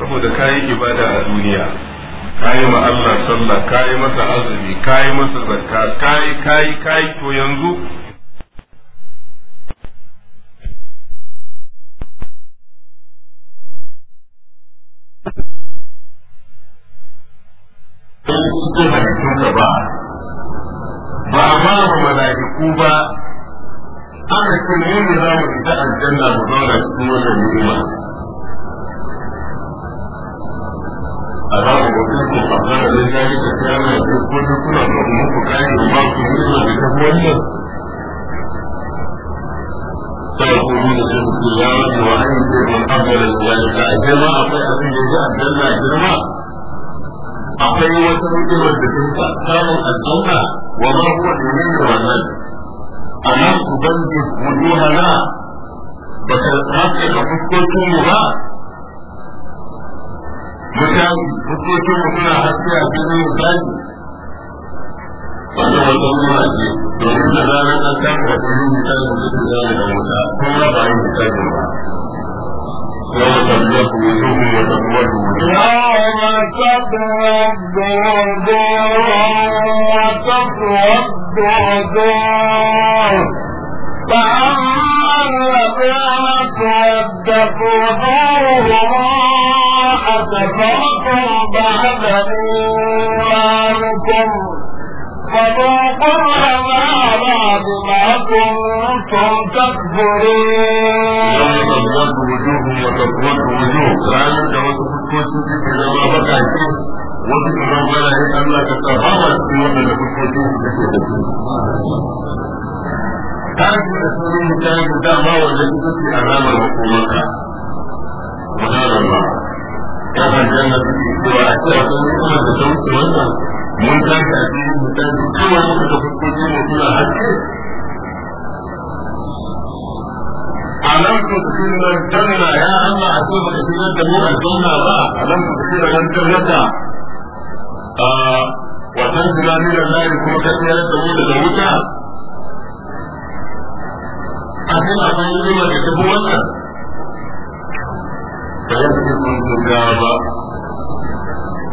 saboda kai ibada a duniya kayi ma Allah sallah kayi masa azumi kayi masa zakka kayi kayi kayi to yanzu ba ba ma mala'iku ba aka kuma yin da za mu fita aljanna mu zauna cikin wannan ni'ima عذاب وكنت حقنا لذلك كان يكون كل الرموز كان يمر كلنا da فيقولون سبحان الله وأنت من أفضل الولد أجمع فأبي يجاء الجنة أجمع akwai wata hikimar da sun sa samu aljanna wa ma huwa ilmin da wannan anan ubangiji wujuhana ba ta tsaye da fuskokin ba mutane hukuncin suna haske a cikin misali wanda wata muna ce domin da ranar an tafi a cikin misali da su zai da wuta ko na ba misali ba يوم تبيض وجوه وتسود وجوه فأما الذين تودت وجوههم كفرتم بعد إيمانكم فذوقوا العذاب بما كنتم تكفرون تبرد وجوههم وتبرد وجوه فعلا وتفكوشي في جماعة بكاتي وتكرم لنا أن لا تتفاوت في وقت الفكوشي في جماعة kafin da sauran mutane da dama wanda suka fi alamar hukumarka. Wadda Allah. mun ta ta ji mutan kuma muka da hukunci mu kula hakki alam ku tsira janna ya Allah a so baka tsira da mu aljanna ba alam ku tsira nan jannata a wannan jirani da Allah kuma ka tsira da mu da wuta abin abin da ke wannan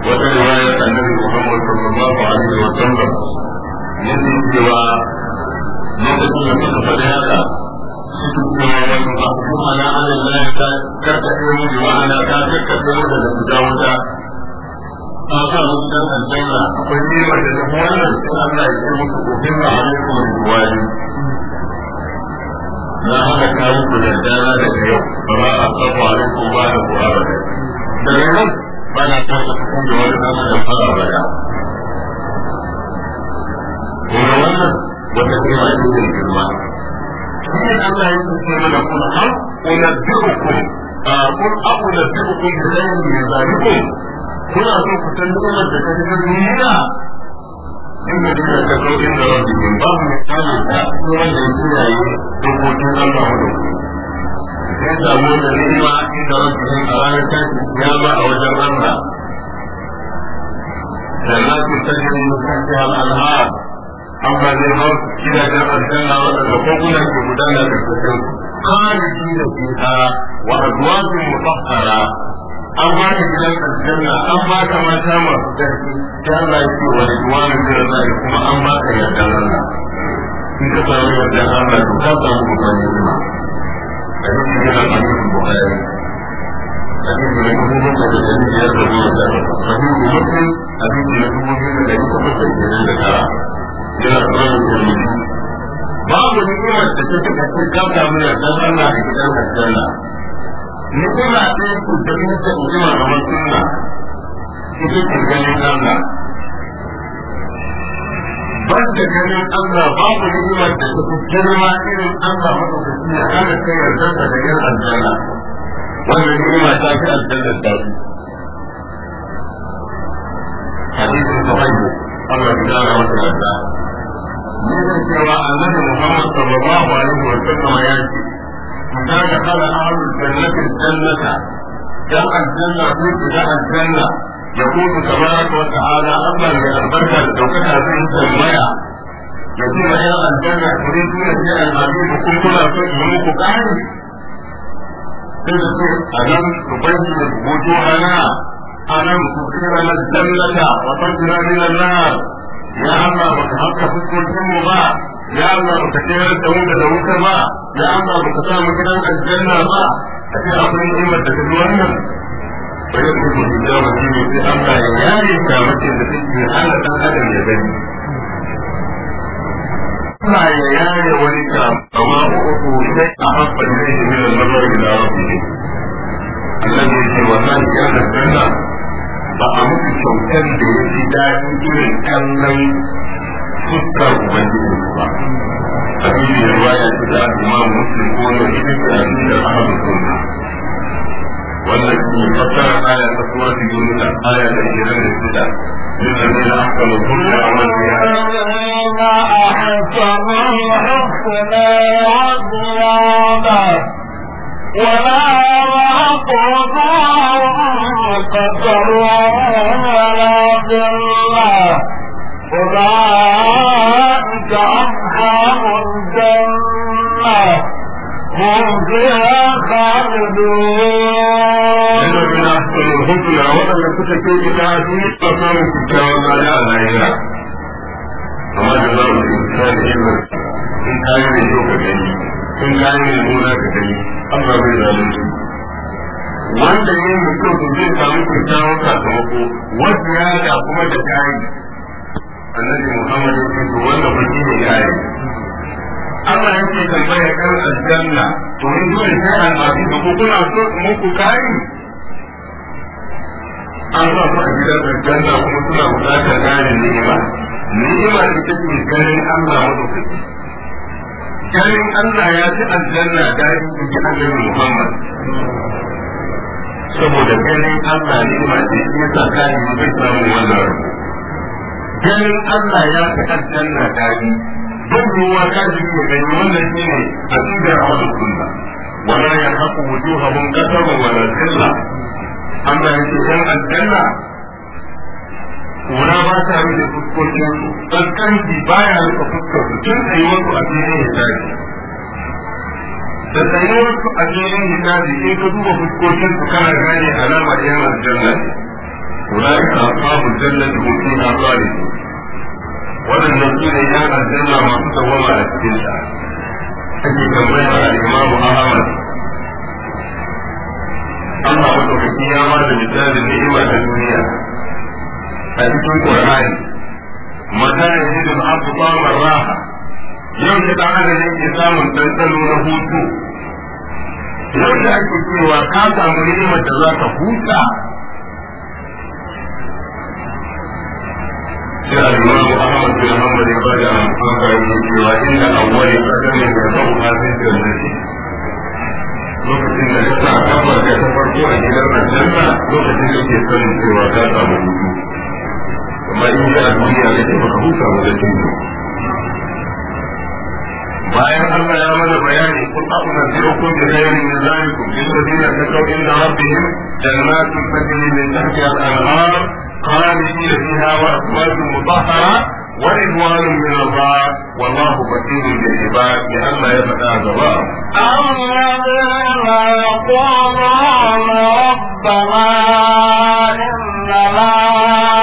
wata riwaya annabi Muhammad sallallahu alaihi wa sallam ne ne cewa lokacin da suka fada yada su kuma wani abu ala ala la ta karta ko ne wa ala ta karta ko ne da guda wata a kan wannan tantana akwai ne wanda da wannan sunan da yake mutu ko kuma ne ko wani na haka kawo ku da dana da yau ba a tsafa alaikum ba da ku abada da nan ba na ta ta da wani dama da fara abada wani wannan wata kira ce da girma shi ne Allah ya tsaye da kuma har unabbi'ukum قل أنبئكم بخير من ذلكم كنا ta تنظرون بكثير من inda rabbihim babu misalin da su wanda ya kiyaye dokokin Allah wa ya samu wannan ni'ima inda rabbihim a ranar ya kiyama a wajen Allah جنات تجري من تحتها الانهار اما للموت الى جنة الجنة وتقول بمدنة الفتن خالدين فيها وازواج مطهرة an ba ta gidan aljanna an ba ta mata masu ƙarfi ta lafi wa ridwanu da zai kuma an ba ta yarda Allah in ka samu yarda Allah to ka samu babban ni'ima a cikin gidan aljanna Bukhari حديث لكم مثل الذي يرتضي وسلم صحيح مسلم حديث لكم مثل الذي تفضل جميل الكرام إلى أسرار الترمذي بعض النعمة تتفق في الكافة من الجنة إلى الجنة ni kuna sai ku tafi ta ujima gaban sunna ku ganin Allah ban da ganin Allah babu ni'imar da ta fi girma irin Allah madaukaki ya kana kai yarda da ganin aljanna wannan ni'ima ta fi aljanna ta fi hadisin sahabi Allah ya gara masa yarda ne da cewa annabi Muhammad sallallahu alaihi wa sallam ya ce حتى دخل أهل الجنة الجنة جاء الجنة قلت جاء الجنة يقول تبارك وتعالى أما من لو لتوكلها في السماية يقول يا الجنة تريد أن جاء العزيز كنتم أفيد ملوك بعد ألم تبين وجوهنا ألم تكرمنا الجنة وتجرى من النار يا أما وتحقق في كل ya Allah baka tsayar da mu da wuta ba ya Allah baka sa mu gidan aljanna ba a ce akwai ni'imar da ta wannan ba ya kuma da wani ne sai Allah ya yare ta mace da take hana dan adam ya gani Allah ya yare wani ta amma uku sai a haɓɓa da ne da nazari da rabbi Allah ya ce wannan ya aljanna ba a mutu kyautar da ya ji daɗi irin kallon fuskar ubangiji ba a cikin riwaya ta da imam muslim ko ne ita ce a cikin ahadu wannan shi fassara aya ta surat yunus aya ta ولا فيها خالدون الذين أحسنوا الحسنى وأن zai samu sakamako wasu ya da kuma da kayi annabi wanda Allah ya ce tambaya kan aljanna to in dole sai an ba shi ko kuna so muku kai an ba ku gidan aljanna kuma suna bukatar gane ni'ima ni'ima ita ce ganin Allah madaukaki ganin Allah ya ci aljanna da ya ci Annabi Muhammad saboda ganin Allah ni'ima ce ya sa kai mu bai samu wannan ganin Allah ya ci aljanna da ya kan ruwa kan jiki ya gani wannan shi ne a cikin hawa sunna wala ya haku wujuhahum qasaban wala zilla Allah ya ce yan aljanna kura ba ta rufe fuskokin su tsarkanki baya rufe fuskar su tun tsayuwar su a filin hisabi da tsayuwar su a filin hisabi in ka duba fuskokin gane kula waɗannan su ne yan aljanna masu dawama a cikin ta ake tambaya da imamu ahmad Allah madaukaki ya ba da misalin ni'ima ta duniya a cikin Qur'ani mata ya ji da raha yau da ɗan adam yake samun ɗanɗano na hutu yau da ake cewa ka samu ni'imar da za ka huta جاء الإمام أحمد بن محمد بدأ مقام وإن أول قدم يدعو هذه الجنة lokacin da ka sa kafar ka ta farko a gidan aljanna lokacin da ke sanin cewa ka samu hutu amma in ka duniya ne ta bayan Allah ya mana bayani kun abuna zirku bi ghayrin min zalikum lil ladina taqaw inda rabbihim jannatin tajri min tahtiha al-anhar خالدين فيها وأزواج مطهرة ورضوان من الله والله بكير بالعباد لئلا يبقى جواب الذين يقولون ربنا إننا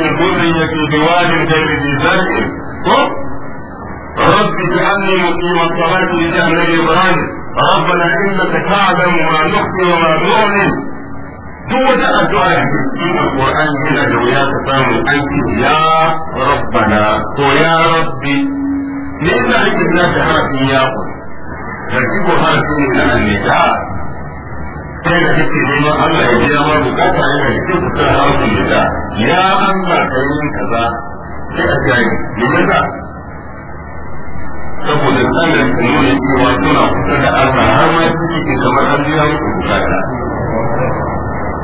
من ذرية بوال غير ذي زرع رب اجعلني مقيم الصلاة لجهل إبراهيم ربنا إنك تعلم ما نخفي وما نعلن ثم جاءت آية في القرآن من أدويات فهم أنت يا ربنا ويا ربي لأن عند الناس هذا ياقوت تجيب هذا من النجاح كان في الله الله يجي أمر بكثرة إلى يجيب هذا ya Allah ka yi min kaza sai a jayi domin da saboda tsarin nuna cewa suna kusa da Allah har ma su cikin kamar an biya musu wanda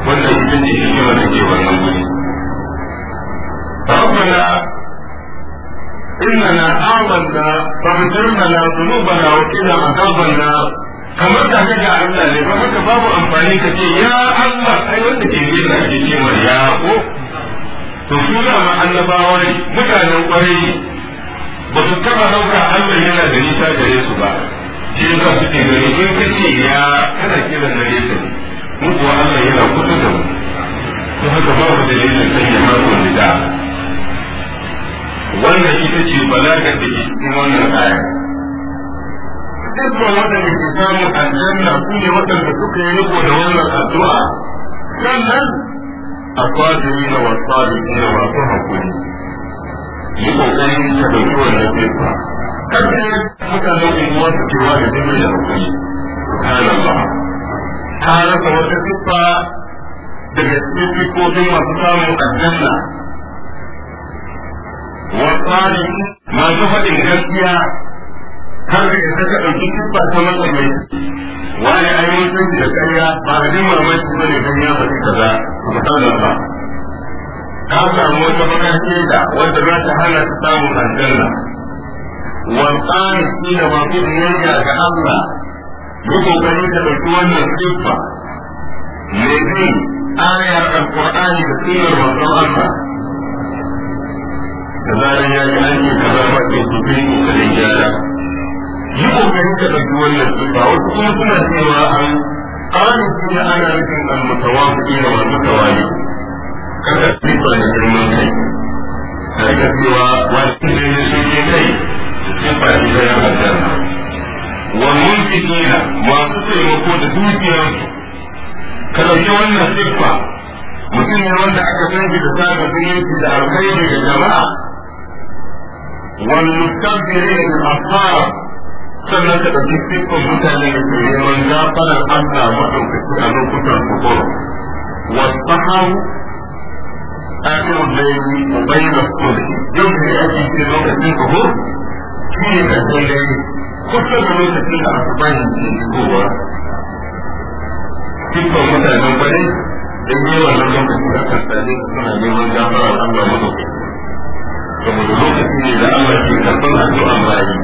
wannan ita ce shi wanda ke wannan na guri ربنا na آمنا فاغفر لنا ذنوبنا وقنا عذاب النار kamar da ka ga Allah ne ba maka babu amfani ka ce ya Allah ai wanda ke yi na ke cewa ya ko to su dama annabawa ne mutanen kwarai ne ba su taba dauka Allah yana da nisa gare su ba shi yasa suke gani in ce ya kana kiran na nesa ne mu kuwa Allah yana kusa da mu to haka babu dalilin sanya mako da wannan ita ce balagar da ke cikin wannan aya dukkan waɗanda ke samun aljanna su ne waɗanda suka yi riko da wannan addu'a sannan الصادقين والصادقين وأعطوا حقوقهم يقولون تبكون الفكرة kada suka zo in wasu cewa da jini da hukumi subhanan ba ta rasa wata siffa daga cikin siffofin masu samun aljanna wa har da ita ɗauki kiffa ta matsalai wani an yi da ƙarya ba a jin mamaki ba ne don ya faɗi kaza a misalin ba ka samu wata baka shaida wanda za ta hana ta samun aljanna والقانت فيها وفي دنيا da يقول بنيت Allah? Da zarar ya yi aiki, وصلنا كذلك يجعلني كذا وجه تبين gyara. yi kokarin ka ɗauki wannan sifa wasu kuma suna cewa an ƙarin shi da ana rikin almutawa su iya masu tawali kada sifa da girman kai a ga cewa wasu ne ya shirye kai sifa da ya aljanna wa mulkina masu taimako da dukiyarsu ka ɗauki wannan siffa. mutum ne wanda aka san shi da sada zumunci da alkhairi da jama'a والمستكبرين الأبصار sannan ka ɗauki siffin mutane da ke neman gafarar Allah maɗaukaki a lokutan kokoro wasu hau akirun laili wa bayyana sule yau ne ake ce lokacin kokoro shi ne ƙarshen laili kusan da lokacin da aka bayan ke shigowa siffin mutanen bane in yi wannan lokacin da aka sani suna neman gafarar Allah maɗaukaki saboda lokaci da Allah ke karɓar addu'a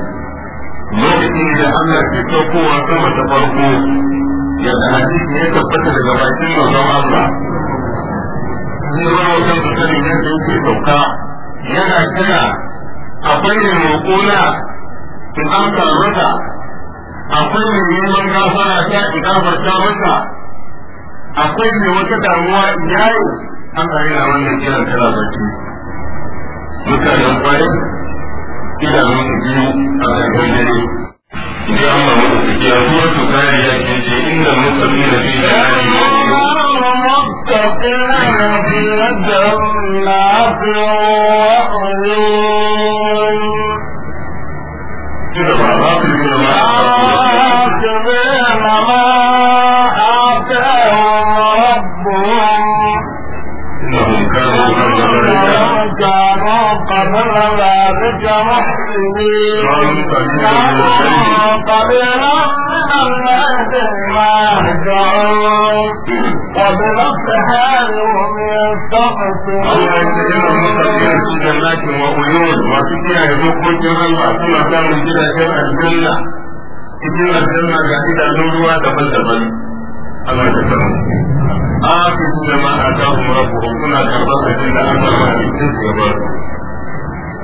lokacin da Allah ke saukowa sama da farko yadda hadisi ya tabbata daga bakin manzon Allah zai rawa kan sanin yadda yake sauka yana kira akwai mai roƙona in amsa masa akwai mai neman gafara ta in gafarta masa akwai ne wata damuwa yayi an yana wannan kiran kala baki mutanen kwarai idanun biyu a ƙarfin dare ya amma mutu ya zuwa su kare ya ke ce inda musulmi na fi da ari وقل في قبلنا بك محسنين قبلنا من الناس ما يرجعون قبل اقتحالهم kiyaye dokokin Allah suna samun ruwa daban-daban Allah ya samu a cikin jama'a ta umar suna karɓar da Allah ya samu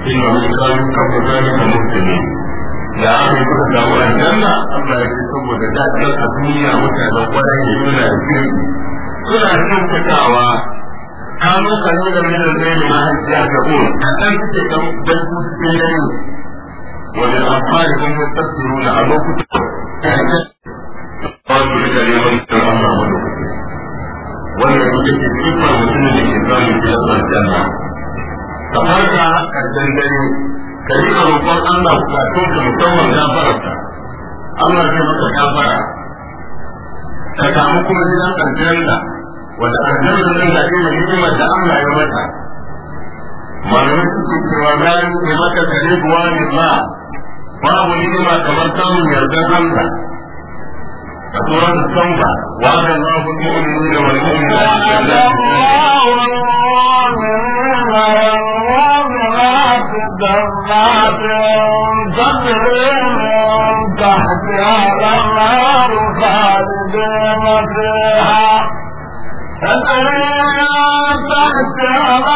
إن من كان قبل ذلك مهتدين da an yi kuka samu aljanna ya ce saboda daɗin a duniya mutanen kwarai ne suna da kirki suna kyautatawa kano kanu da mai da zai ma hajji a gabo a kan suke kan bakin cikin yanayi wani amfani kun yi da mutum ke samun ka farka karshen dare ka yi ka roƙon Allah ka so ka musamman gafararsa Allah zai maka gafara ka samu kuma gidan aljanna wanda aljanna nan da irin hikimar da Allah ya mata malamai suke cewa na yi maka tare kuwa ne ba babu hikima kamar samun yardar Allah سورة التوبة وعد الله المؤمنين والمؤمنات وعد الله सत रे न प्यारा नुसारे ने सभ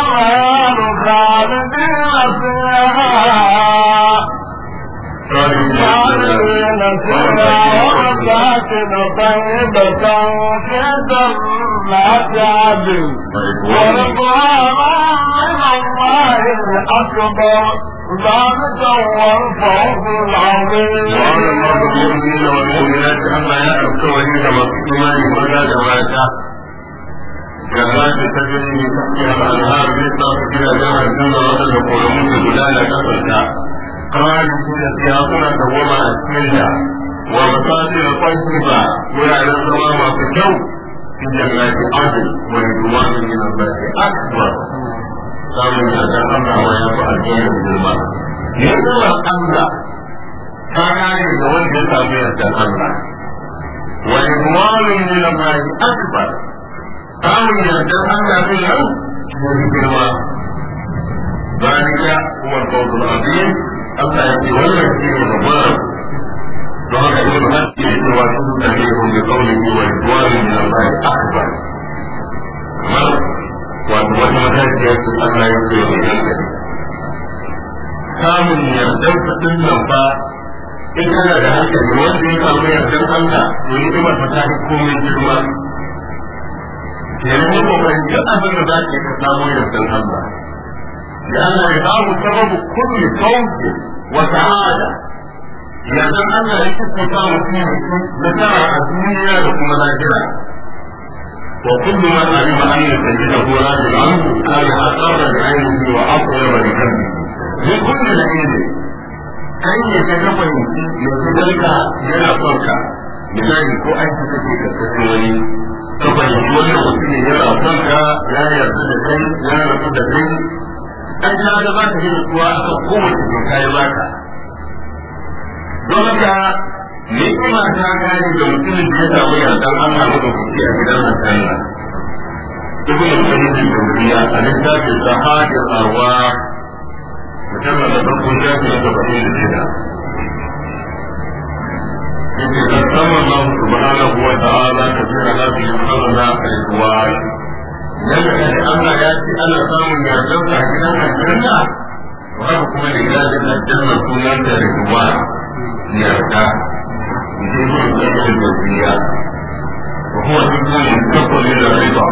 प्यारा देश साल वेन जा कस दफ़े न बाबा الله الأكبر ذلك هو الفوز العظيم. قال الله بالمؤمنين والمؤمنات أما يا أكثر وإنك مكتومان ولا جوازا جنات تجري من تحتها الأنهار مثل فيها جنة الجنة وقد يقولون بلاد كفرتا قالوا في سياقنا وما أسمنا ومصادر طيبة ويعلى الظلام في الجو في جنات عدن ورضوان من الله أكبر samun yadda Allah wa ya fi alƙawarin girma yadda Allah ta kare da wanda ya samu yadda Allah wa ridwanun min Allah akbar samun yadda Allah zai yau ko girma zalika huwa al-fawzul azim Allah ya ce wannan shine babban don haka ibn Masih ya ce wa sun tabi'u bi qawlihi wa ridwanun min Allah akbar wato wata matashiyar su Allah ya ce mai yake samun yardar kudin nan ba in kana da hankali wanda ya samu yardar Allah to ni kuma ta komai girma yanzu kokarin duk abin da za ka samu yardar Allah Ya Allah ya babu sababu kullu sauki wa sa'ada yanzu Allah ya kuka samu kuma na tara a duniya da kuma lafiya وكل من علم ان سيده راجل عنه كان اثار بعينه واطيب بقلبه لكل لعيب kai ne ka ga fahimci yanzu dalka yana son ka misali ko aiki kake ka kace wani ka fahimci wannan mutum ne yana son ka ya yarda da kai ya rabu da kai an ji ga ba ka yi ruwa akan kowace baka ni'ima ta kare da mutumin da ya samu yardan Allah da kuke a gidan aljanna ibn al-qayyim al-jawziyya a littafin sahati arwa mutum da ya jafi da bakin da shida yake da sama Allah subhanahu ta tsira ta fi yamma al-kuwa yadda kaji Allah ya ce ana samun yardan sa a gidan aljanna wa haka kuma da gidan aljanna sunan da rikuwa yarda بجميع الأمور الوزنيات وهو مما ينتقل إلى الرضا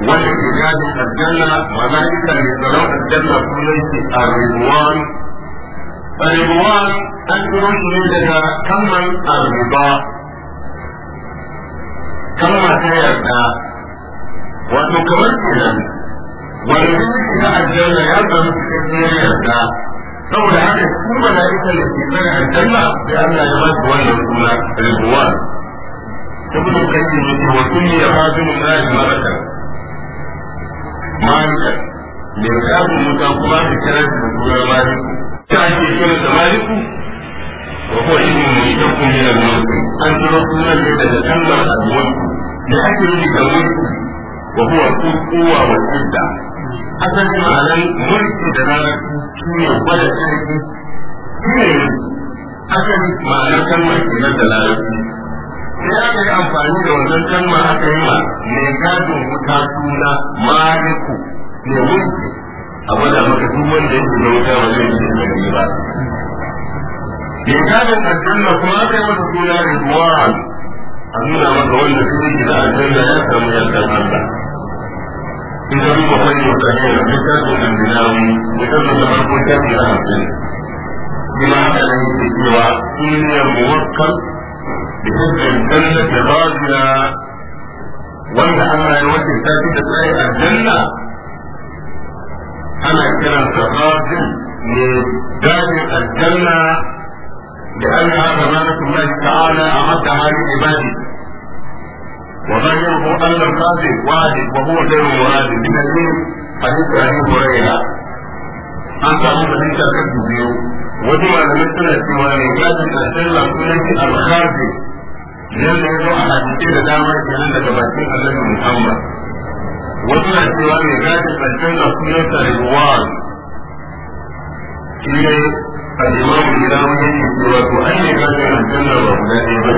والاحتجاج الجنة وذلك لصلاة الجنة كلية الرضوان الرضوان أكثر شديدة كما الرضا كما سيرتا وتكرر wani na aljanna ya zama cikin duniyarta saboda haka su mala'ika da ke tsara aljanna sai Allah ya ba su wannan suna rizwan ibn kayyim yace wa kulli yahadun na'i maratan malika da kabu muta kuma da kiran da suna ta ake kiran da maliku wa huwa ibn mutakum min al-mulk an tsara sunan ne daga kalmar al-mulk da ake yi da wa huwa kuwa wa kudda asali ma'anar mulki da larabci shi ne gwada sarki shi ne asali ma'anar kalmar kenan da larabci sai aka amfani da wannan kalma aka yi ma mai gadin wuta suna maliku ne mulki a gwada maka duk wanda ya shiga wuta ba zai yi da ba mai gadin aljanna kuma aka yi masa suna rizwan a nuna wanda su ne gida aljanna ya samu yardar Allah إذا طريق خير وكثير مثال البلاوي مثال الزمان وكافي اهل الجنه بما انه سوى اني الموكل بحب الجنه راجلا وانت اما يوجه ثابته اي الجنه انا كلام راجل لدار الجنه لان هذا ما الله تعالى اعدها لعباده وظاهره أن القاضي واحد وهو غير مراد من الدين حديث أبي هريرة an samu fahimta kan su biyu wasu malamai suna cewa ne gadin aljanna sunan shi alhaji yadda ya zo a hadisi da dama kenan daga bakin annabi muhammad wasu na cewa ne gadin aljanna sunan shi rizwan ba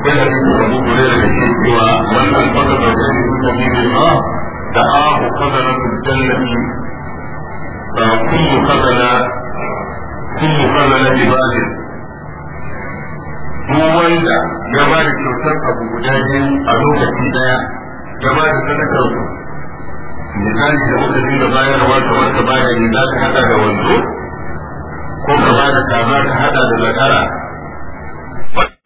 sai da rikin abu gure da ke cewa wannan kwata da ke yi da ne da ma da ahu kazara su jannati kullu kazara kullu na ibadin duk wanda ya ba da kyautar abu guda biyu a lokaci daya ya ba da sadakar su misali da muka dinga bayarwa kamar ka bayar ne za ka hada da wando ko ka ba da kaza ka hada da zakara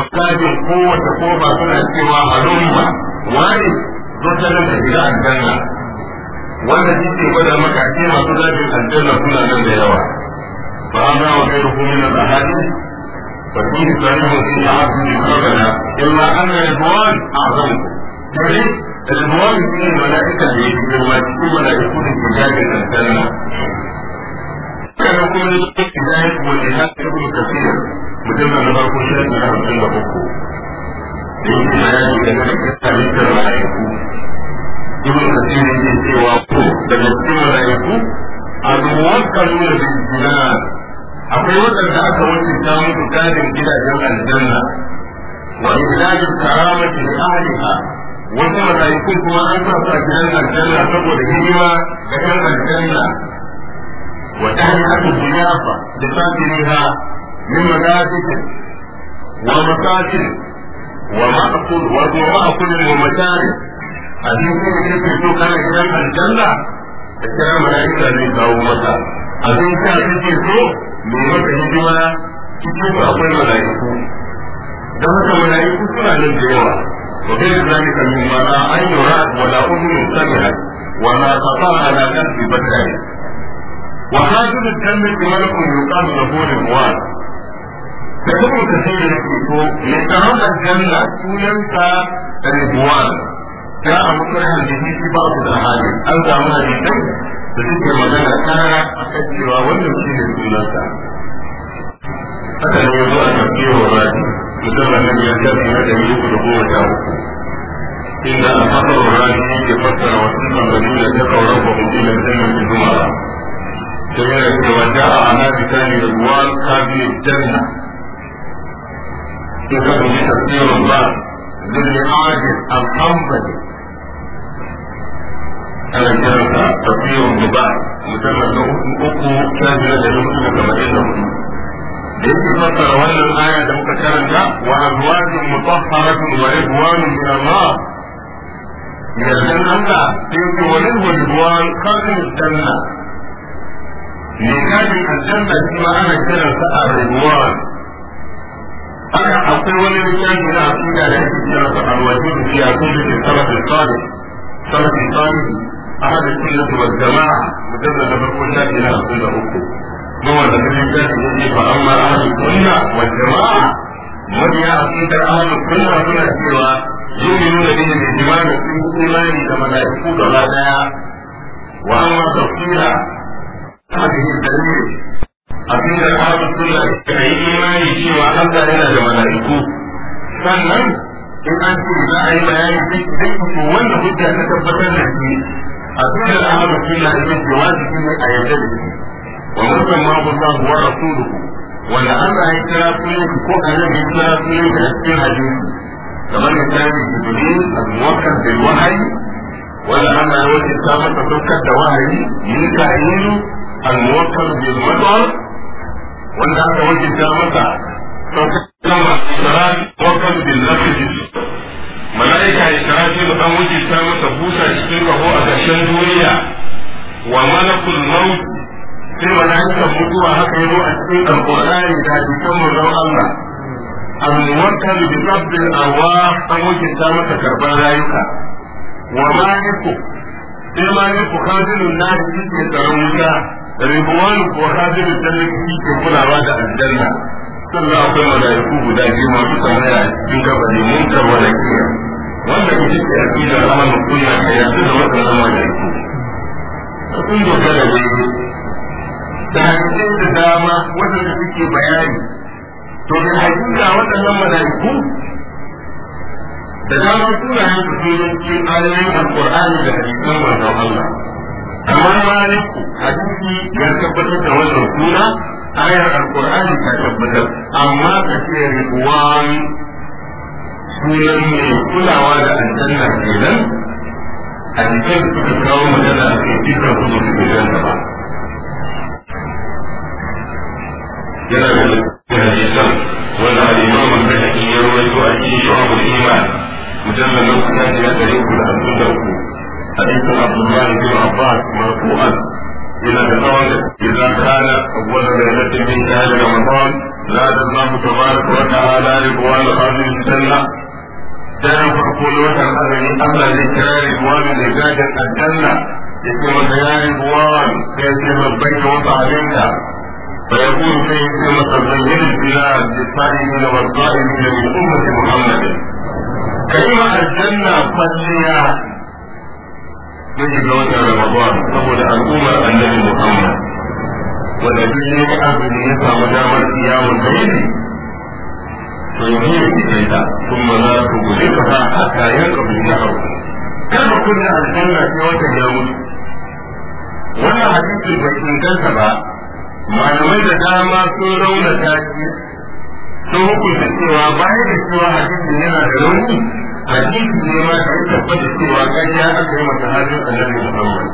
wata ko ba suna cewa halumma wani zo ta nan a gida wanda shi ke gwada maka ce masu zafin aljanna suna nan da yawa ba an zama kai kuma na zahari ba kun yi tsari mun fi a hasu ne kogana illa an da ribuwan a zan tare da shi ne ita da ya fi girma cikin mala'iku da ke jagin aljanna. kuma ne ke jagin wajen hasa ibn kafiyar mutum na farko shirin na hamsin da uku da yake bayani da na halittar mala'iku ibn kasir yake cewa ko daga cikin mala'iku a ruwan kalmar jina akwai waɗanda aka wuce ta mutu gadin gidajen aljanna wa ihlajin karamatin ahliha wasu mala'ikun kuma an sa su a gidan aljanna saboda hidima ga 'yan aljanna wa ta hanyar da safi ha من مدارس ومساجد ومأكل ومأكل ومساجد abin kuma da ke so kana kiran aljanna da kira mala'ika zai kawo masa abin ka kake so mai maka hidima cikin ku akwai mala'iku don haka mala'iku suna nan da yawa wa bai da zai kan min mana an yi ra wa la umru samiha wa ma qata'a ala qalbi batari wa hajjul jannati malakun yuqalu lahu lil da kuma ka sai da ke so ya tsaro da janna sunanta ribuwan ya a mutuwar hadisi ba su da hali an samu da suke magana kara a kan wannan shi ne sunanta haka ne yanzu a tafiya wa rafi musamman na biyar shafi na ɗari da goma uku inda a fasar rafi ke fassara wasu tambari da ta kauran kwamiti da musamman su zuwa ta yana cewa ja'a ana fitani da ruwan kabiyar janna كتب تفسير الله لابن تفسير ببعض أكو كاملة كما da muka karanta wa azwajun ana haka akwai wani littafi na aqida da yake cewa sa alwajib fi aqida da salaf salih salaf salih ahad sunnah wal jamaa mujallad na farko shafi na 53 mawanda cikin kashi yake fa amma ahlu sunna wal jama'a mabiya aqidar ahlu sunna suna cewa nuna da bihi ijma'an sun imani da malaiku gaba daya wa amma tafsira hadhihi dalil abin da kwasu suna da yi imani cewa Allah yana da mala'iku sannan in an ce za a yi bayani duk duk to wanda hujja ta tabbatar da shi abin da ahlu sunna ne ke wajibi ne a yarda da shi wa musamman Allah wa rasuluhu wanda Allah ya kira sunan ko annabi ya kira sunan da cikin hadisi kamar misali Jibril al-Muwakkal bil wahyi wanda Allah ya wuce ta masa dukkan da wahayi Mika'il al-Muwakkal bil madar wanda aka wakilta masa sauƙaƙa isra'il wakar bin nafis mala'ika isra'il an ta masa busa cikin kaho a ƙarshen duniya wa malakul maut sai mala'ika mutuwa haka yi a cikin alƙur'ani da dukkan manzon Allah al-muwakkal bi qabdil arwah an wakilta masa karban rayuka wa maliku sai maliku khazilun nasi yake tsaron wuta ridwanu ko hadirin tallafi ke kulawa da aljanna sannan da malaiku guda biyu masu tsanaya a cikin gabari munkar wa nakiya wanda ke akida amanu kunna ka yarda da waɗannan malaiku kun dogara da yake da hakkin da dama waɗanda suke bayani to da hakika waɗannan malaiku da dama sunayen su sun cikin ayoyin alƙur'ani da hadisan manzon Allah kamar maliku hadisi ya tabbatar da wannan suna ayar alkur'ani ta tabbatar amma ka ce ridwan sunan mai kulawa da aljanna kenan a jikin suka kawo magana a kai dukkan su su ke ba yana da hadisan wanda al-imam al-bayhaqi ya rawaito a cikin shu'abul iman mujallal na ku da 3 da 3 حديث عبد الله بن عباس مرفوعا إلى الزوج إذا كان أول ليلة من شهر رمضان زاد الله تبارك وتعالى رضوان هذه الجنة كان يقولون وسلم أن أمر لكرار رضوان لزاد الجنة يكون الخيار رضوان فيتم البيت وتعليمنا فيقول فيتم تغيير البلاد للصائمين والصائمين من أمة محمد كلمة الجنة هي mun shiga watan ramadan saboda al'ummar annabi muhammad wanda duk ne da azumi ya samu damar siyamun daidai to yanzu ya ci sai ta kun ma za ku guje ka fa a kayan kabin na hau kar ba kunna aljanna sai watan ya mutu wannan hadisi bai inganta ba malamai da dama sun raunata shi sun hukunta cewa bayan da cewa hadisin yana da rauni hadisi ne ma da ya tabbata cewa ƙarya aka yi masa hajjin annabi Muhammad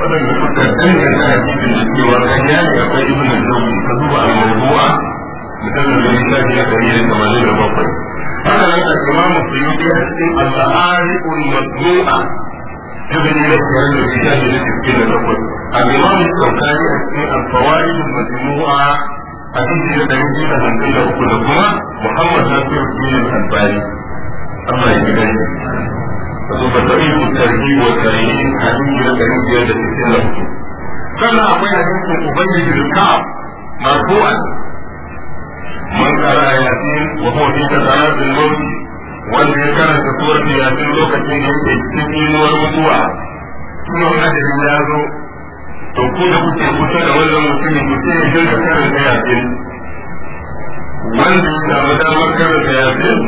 wadanda suka danganta hadisin da cewa ƙarya ne akwai ibn al-Jawzi ka duba al-mawdu'a misalin da ya shafi a ɗari da tamanin da bakwai haka nan a imamu suyuti a cikin al-ma'arifun maddu'a ابن يسأل الرجال لتسكين الإمام الشوكاني الفوائد المجموعة أسئل الذين من قيل محمد ناصر الدين الألباني Allah ya ji gani su ba ta yi tarbi wa tarihin hadisi na ɗari biyar da cikin da sannan akwai hadisin ubangiji da ka marfu'an man kara yasin wa huwa fi tasalatul wanda ya karanta suwar yasin lokacin da yake cikin wani mutuwa da adadin ya zo to ku da kuke kusa da wannan mutumin ku sai ya dinga karanta yasin wanda ya samu damar karanta yasin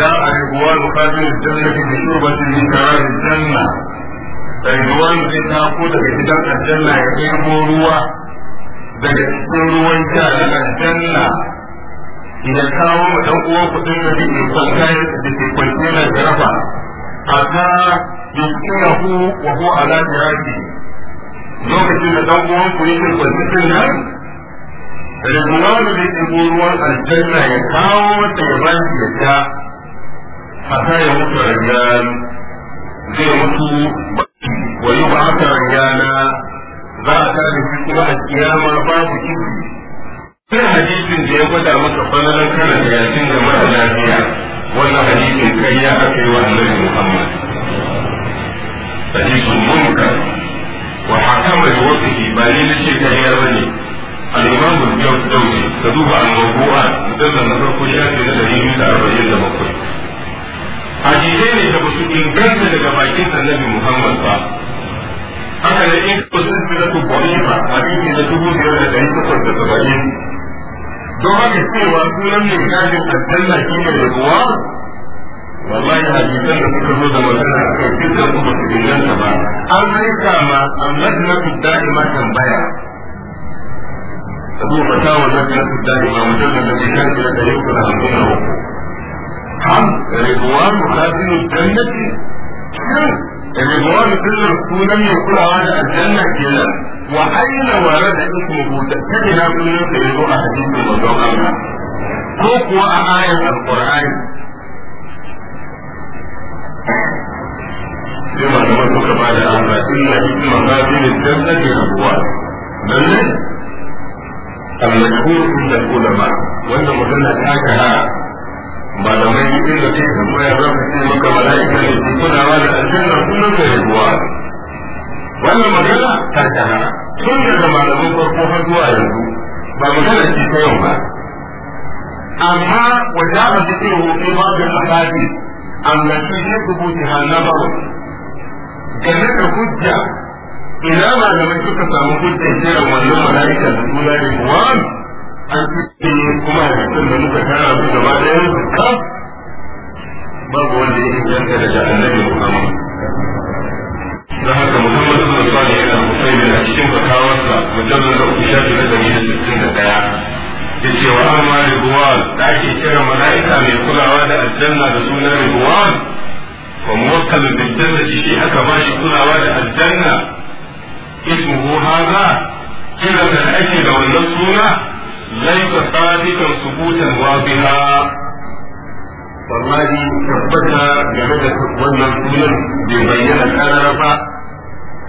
جاء رضوان خادم الجنة بشوبة من كرام الجنة رضوان بن ناقود بجدار الجنة يقيم روى daga cikin ruwan sha na aljanna ya kawo wa dan uwan kudin da ke kwanta da ke kwance na a ta lokacin da ɗan uwan ku yake kwance din Da Rizwanu da ɗigo ruwan aljanna ya kawo mata ya ba shi ya sha hatta ya mutu rijal zai mutu wa yi ba haka rijala za a tare shi kuma a kiyama babu kifi sai hadisin da ya gwada maka falalan kana da yasin da mara lafiya wannan hadisin kai ya aka yi wa annabi muhammad hadisin munkar wa hakama da wasu ba ni na ce kai ya ka duba الجوزي تدوب عن موضوعات مدلل نظر na شيء من da يدعى الرجل bakwai. hadisai ne da basu inganta daga bakin annabi Muhammad ba haka ne in ku sun fi da tubuwa hadisi da dubu biyar da dari takwas da saba'in don haka cewa sunan mai gajin aljanna shi ne da ruwa wallahi hadisan da suka zo da magana a kan dukkan kuma su inganta ba an aika ma annabi na tuddani ma tambaya saboda ta wannan kan tuddani ma mutum da bai kan da yau kana hankali رضوان خازن الجنة رضوان كل رسولا يقول على الجنة كلا وأين ورد اسمه تأتينا كل يقول حديث المدوغة تقوى آية القرآن لما نمتك بعد أن إن اسم خازن الجنة رضوان بل المشهور عند العلماء وأن مجلد هكذا ba da mai cikin da kai ya zama ce maka mala'ika ne ki kulawa da aljanna kullum da yabuwa wannan magana ta shahara sun daga malaman farko har zuwa yanzu ba ta yau ba amma wanda ba su ce hoto ba da mahadi amma shi ne rubuta hannabawa game da hujja ina malamai suka samu hujjar jiran wannan mala'ika da kula da an cikin kuma hadisan da muka tara su gaba ɗaya kaf babu wanda ya inganta da annabi Muhammad don haka Muhammad sun zuwa ne yana kusai da cikin bakawarsa mujallar da uku shafi na ɗari sittin da ɗaya ya ce wa amma ribuwan da ake cire mala'ika mai kulawa da aljanna da sunan ribuwan wa muwakkalin biljanna shi aka ba shi kulawa da aljanna ismuhu haza kiran da ake da wannan suna laisa sadikan subutan wa biha wallahi tabbata game da wannan sunan bai bayyana karara ba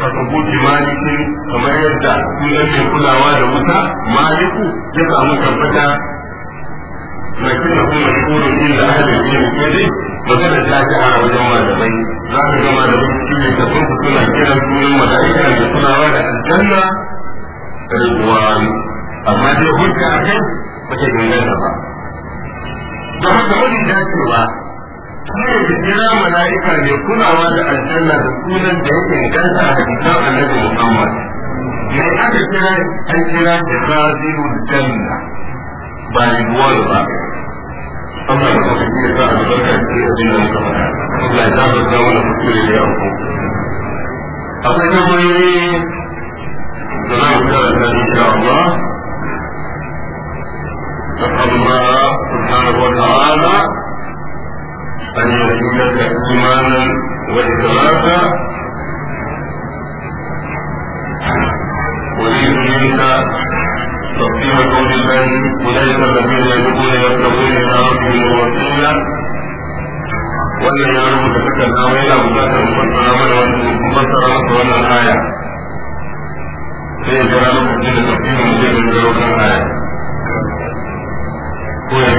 ta subuti malikin kamar yadda sunan mai kulawa da wuta maliku ya samu tabbata لكنه مشهور إلا أهل العلم كذب وكذا تأتي على وجه malamai za ka gama da wasu ne da sun suna kiran sunan mala'ika da kulawa da aljanna rizwani amma dai hujja a kai ba ta dangana ba da haka wani dacewa ne da jira mala'ika ne kulawa da aljanna da sunan da yake ganta a hadisan annabi muhammad mai aka kira an kira da razilul janna ba ribuwar ba Allah da kuma iya sa albarka ce a jina muka faɗa Allah ya zaba ga wani kuskure da ya ko akwai tambayoyi da za mu karanta insha Allah نسأل الله سبحانه وتعالى أن يزيدك إيمانا وإخلاصا أريد منك تطبيق قول الله أولئك الذين يدعون يبتغون إلى ربهم الوسيلة والذين يعلمون تتكلم ويلهم ذاك المفسر ومفسر نصر الآية sai ya gara muku da tafsirin da zai zaro kan aya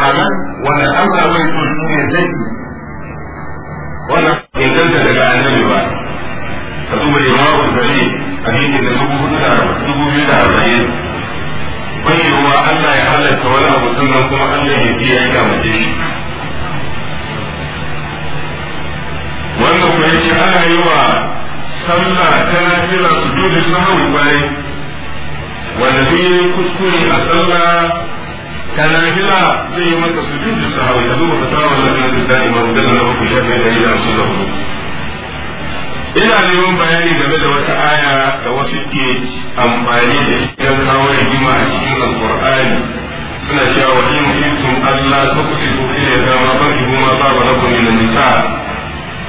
anan wannan Allah bai so shi ne zai wannan bai ganta daga annabi ba ka duba da imamu zari a cikin da dubu hudu da dubu biyu da arba'in bai yiwuwa Allah ya halatta wani abu sannan kuma Allah ya biya ya gamace shi wannan kuma yake ana yi wa sallah ta nafila su dole su hawi kwarai wanda zai yi kuskure a sallah كان zai yi maka su jin jisa hawa ya zuba fata wa lafiya da da'i ba da baku shafi da yi ina neman bayani game da wata aya da wasu ke amfani da ita kawo rigima a cikin alkur'ani suna cewa wa in kuntum Allah ta kusi ko kire da kuma ba ba lakum min nisa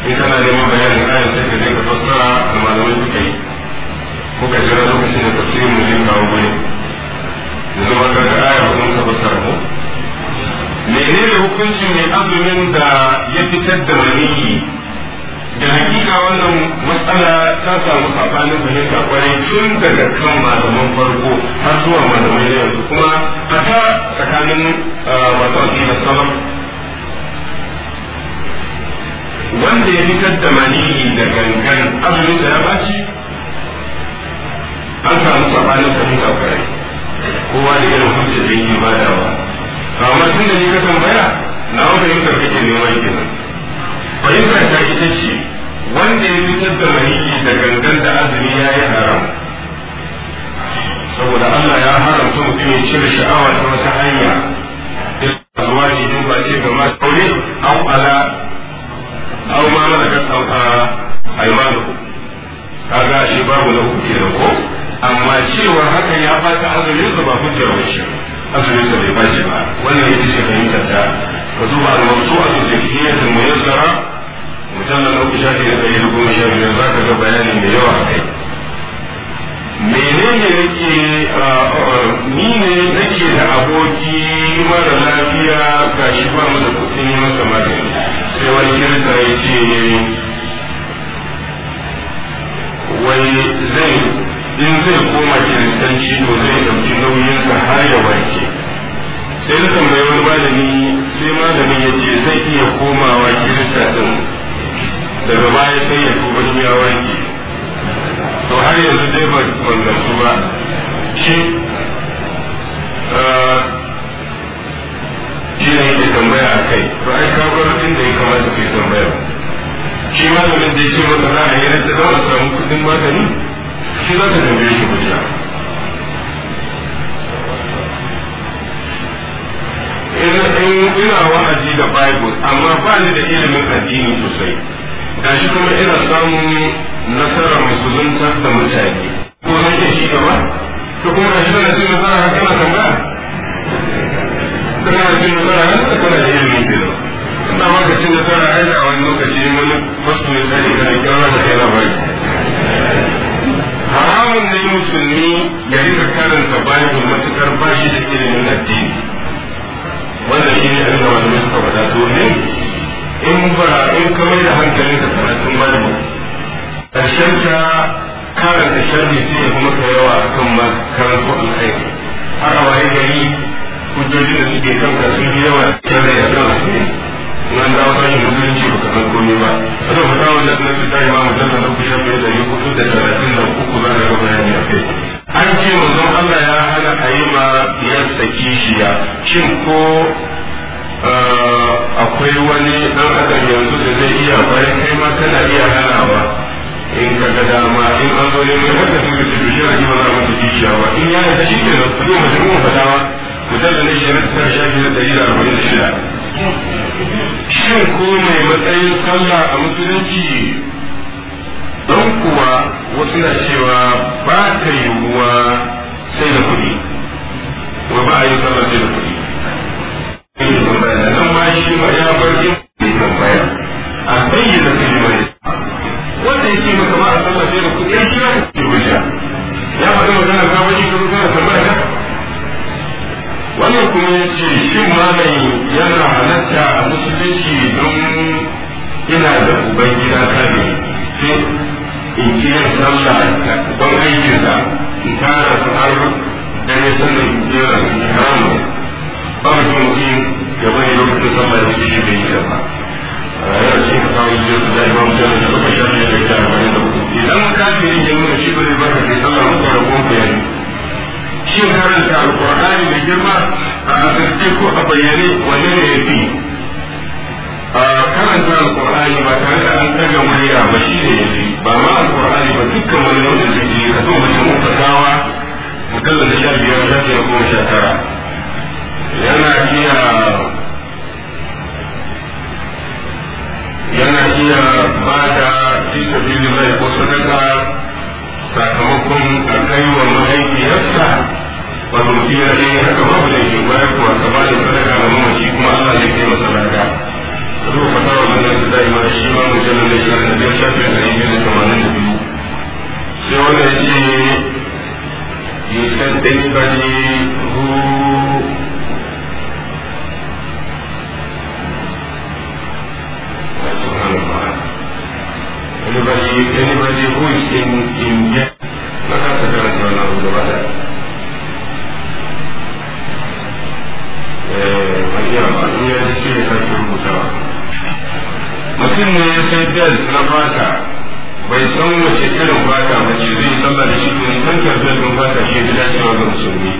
in kana neman bayani ayan sai ka je ka fassara da malamai suka yi kuka jira lokacin da tafsirin mu zai kawo yanzu da ka ga ayar mun ka fassara mu menene hukuncin mai azumin da ya fitar da maniyi da hakika wannan matsala ta samu sabanin fahimta kwarai tun daga kan malaman farko har zuwa malamai na yanzu kuma ta tsakanin wasu masu da sama wanda ya fitar da maniyi da gangan azumin da ya baci an samu sabanin fahimta kwarai kowa da irin hujjar da yake badawa ba. amma tun da ni ka baya. na wanda yin ka kake neman kenan fahimtar ta ita ce wanda ya fitar da maniyi da gangan da azumi ya yi haram saboda Allah ya haramta mutum ya cire sha'awa ta wata hanya zuwa ne in ba ce kamar sauri au ala au ma mana ka sauka ka ga shi babu na uku da ko amma cewar hakan ya fata azumin sa ba hujjar wace azumin sa ba shi ba wannan yake ce fahimtar ta ka zuba al-mawdu a tuzkiyat al-muyassara mujallal uku shafi da ɗari goma sha biyar za ka ga bayani da yawa kai menene nake ni ne nake da aboki mara lafiya ga shi ba mu da kuɗin yi masa magani sai wani kirista ya ce wai zai in zai koma kiristanci to zai ɗauki ka har ya wanke sai na tambayi wani malami sai malamin ya ce zai iya komawa kirista din daga baya sai ya tuba shi ya warke to har yanzu dai ba bangantu ba shi ah, shi ne yake tambaya a kai to ai ka bar da ya kamata ke yi tambaya shi malamin da ya ce wata za a yi rantsa da a samu kuɗin magani shi za ta tambaye shi hujja eh, eh, ina wa'azi da bible amma ba ni da ilimin addini sosai gashi kuma ina samun nasara musulunta da mutane ko nake shi gaba to kuma gashi da cin nasara har kana tambaya kana da cin nasara har da kana ilimin kilo ina ma ka cin nasara har a wani lokaci wani wasu ne sai ka kira da kai labari haramun ne musulmi ya rika karanta bayan matukar bashi da ilimin addini wannan shi ne gaba da wani suka faɗa tuni in ba in kamar da hankali da karatun bayan ƙarshen ta karanta sharri sai ya kuma ka yawa a kan karanto alkhairi haka waye gari da suke kan sun yi yawa sharri a kan alkhairi nan dawo ta yi yanzu ce baka san komai ba kada mu dawo suna sunan yi imam mutum da ku shafe da yi kudu da talatin da uku za ka gaba yani a kai an ce manzon Allah ya hana a yi ma yarsa kishiya shin ko eh, akwai wani dan adam yanzu da zai iya bayan kai ma kana iya hanawa in ka ga dama in an zo ne mai haka sun ga shi yi ma za mu kishiya ba in ya yi shi ne da su zo mutum fadawa mujallar ne shi na tsar shafi na ɗari da arba'in da shida shin ko mai matsayin sallah a musulunci don kuwa wasu na cewa ba ta yiwuwa sai da kuɗi wa ba a yi sallah sai da kuɗi nan ma shi ma ya bar yin tambaya a bayyana kalimar wanda ya ce maka ba a sallah sai da kuɗi ya shi ya Ya faɗi magana ka wani kuma kana tambaya wannan kuma ya ce shin malai yana halatta a musulunci don ina da uban gida kare sai in ci yin kiyar sallah don aikin da in tara su har da ya sanin jera haramu ba mu ji mutum ya bari lokacin sallah da shi bai yi ba rayuwar shi ka samu jiya su da imam jami'a da suka shafi da ta amfani da ku idan kafin yin jami'a shi bai ba ka ke sallar mutuwa da kuma bayani shin karanta alkur'ani bayani mai girma a gaske ko a bayyane wanne ne ya fi karanta alkur'ani ba tare da an tsaga murya ba shi ne ya fi ba ma alkur'ani ba dukkan wani nau'in da ke ka zo wajen mutakawa mutum da sha biyar sha biyar ko sha tara yana iya yana iya ba da cikin jirgin mai ko sadaka sakamakon a kai mahaifiyarsa wato shi ya dai haka babu da shi ba ko ka ba da sadaka ga mamaci kuma Allah zai kai masa lada to fa tawo da nan da shi ma mujallal da shi da ya shafi da yake da tamanin da biyu sai wannan shi you can anybody who anybody anybody who is in in maka wannan gaba mutum ne ya san bel suna fata bai san wace irin fata ba ce zai sallah da shi to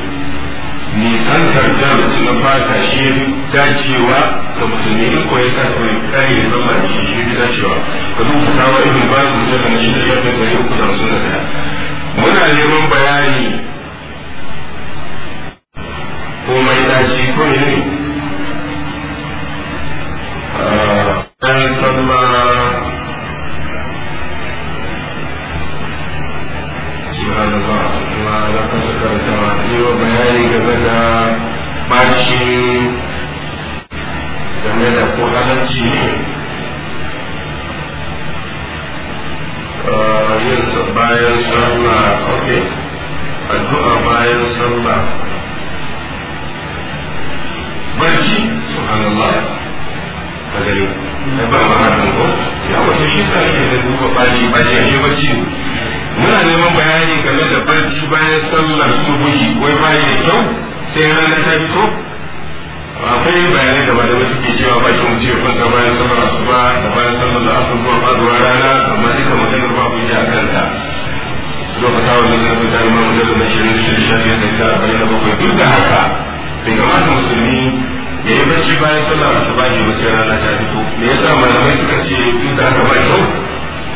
nisantar bel na fata shi ya dacewa ga musulmi san bel na fata shi ya dacewa ga musulmi in ko ya sa to ya kare ya sallah da shi shi ya dacewa ka duba tawa ibn bazu da na shi da ya fi da yau kudan suna da muna neman bayani komai na shi ah, ko ne dan ah, sallah subhanallah ma da kasa karantawa yi da da bayan sallah ok addu'a bayan sallah barci subhanallah da ba ma nan ko ya shi da duba bani bani ya barci muna neman bayani game da barci bayan sallar subuhi wai da kyau sai rana ta fito akwai bayanai da madama suke cewa ba shi mutum ya bayan sallar asuba da bayan sallar da asubuwar faduwar rana amma duka maganar ji a kanta na fita imam da shirin shirin shafi bakwai duk da haka bai kamata musulmi ya yi bacci bayan sallar asuba ne ba sai rana ta fito me yasa malamai suka ce in da aka ba yau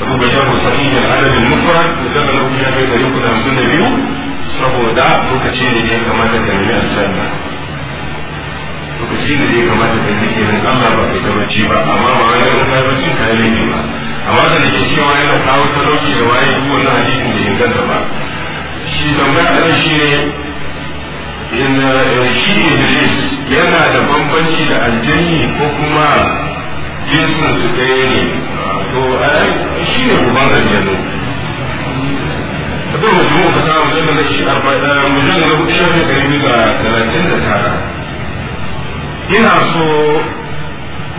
rubuta shafu sahihin adadin mufrad musamman rubuta shafi ɗari kuma hamsin da biyu saboda lokaci ne da ya kamata ka nemi aljanna lokaci ne da ya kamata ka nemi kenan Allah ba kai tabbaci ba amma ba wai wani tabbacin ka yi ne ba amma da nake cewa yana kawo talauci da waye duk wannan hadisin da inganta ba shi tambaya ɗan shi ne shi iblis yana da bambanci da aljanni ko kuma jinsin su ɗaya ne ah, to shi ne uban aljanu abin mutum ka samu zama na shi arba'in ah, mutum na hudu shafi ɗari ga da talatin da tara ina so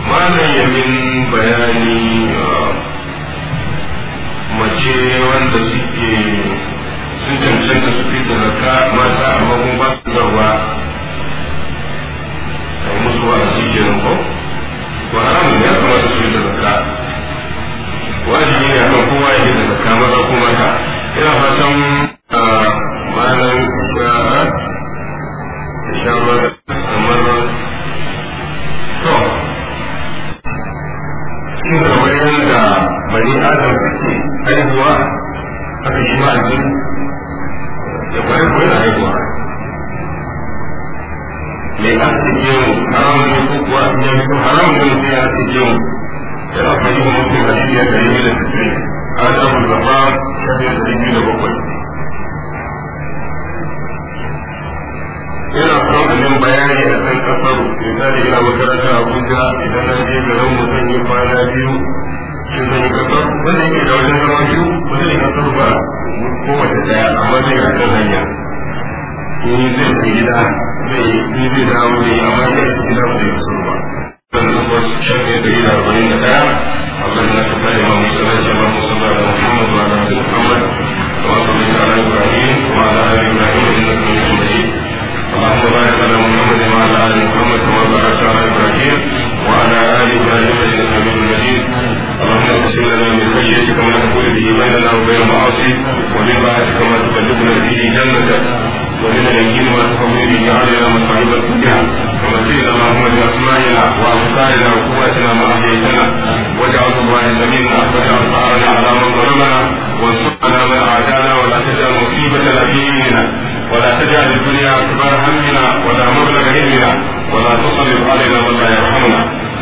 malam yamin bayani ah, mace wanda suke sun cancanta su da zaka mata amma mun ba su zarwa a yi musu wa'azi kenan ko ba haramun ya kamata su yi da zaka wajibi ne akan kowa yi da zaka maza ko mata ina fatan malam ya shawar kamar to shin kamar yadda bani adam suke haihuwa haka shi ma aljini da kwarin kwarin haihuwa mai aske jewo haram ne kuwa a cikin mutum haram ne mutum ya aske jewo da rafa yi mutum a cikin yadda yi da sitri a samun zafa shafin da biyu da bakwai yana sauƙin bayani a kan ƙasar misali yana makaranta abuja idan na je garin mutum yi kwana biyu wanda yake da kowace daya amma zai ga kan hanya ni zai fi gida zai ni ne amma zai fi ne gida da daya da وعلى آله وأزواجه وصحبه أجمعين اللهم اغفر لنا من خشيتك ما تقول به بيننا وبين معاصيك ومن بعدك ما تبلغنا به جنتك ومن اليقين ما تقوي به علينا مصائب الدنيا ومسير اللهم بأسمائنا وأبصارنا وقواتنا ما أحييتنا واجعل الظالم منا واجعل ثارنا على من ظلمنا وانصرنا من أعدانا ولا تجعل مصيبة في ديننا ولا تجعل الدنيا أكبر همنا ولا مبلغ علمنا ولا تصرف علينا ولا يرحمنا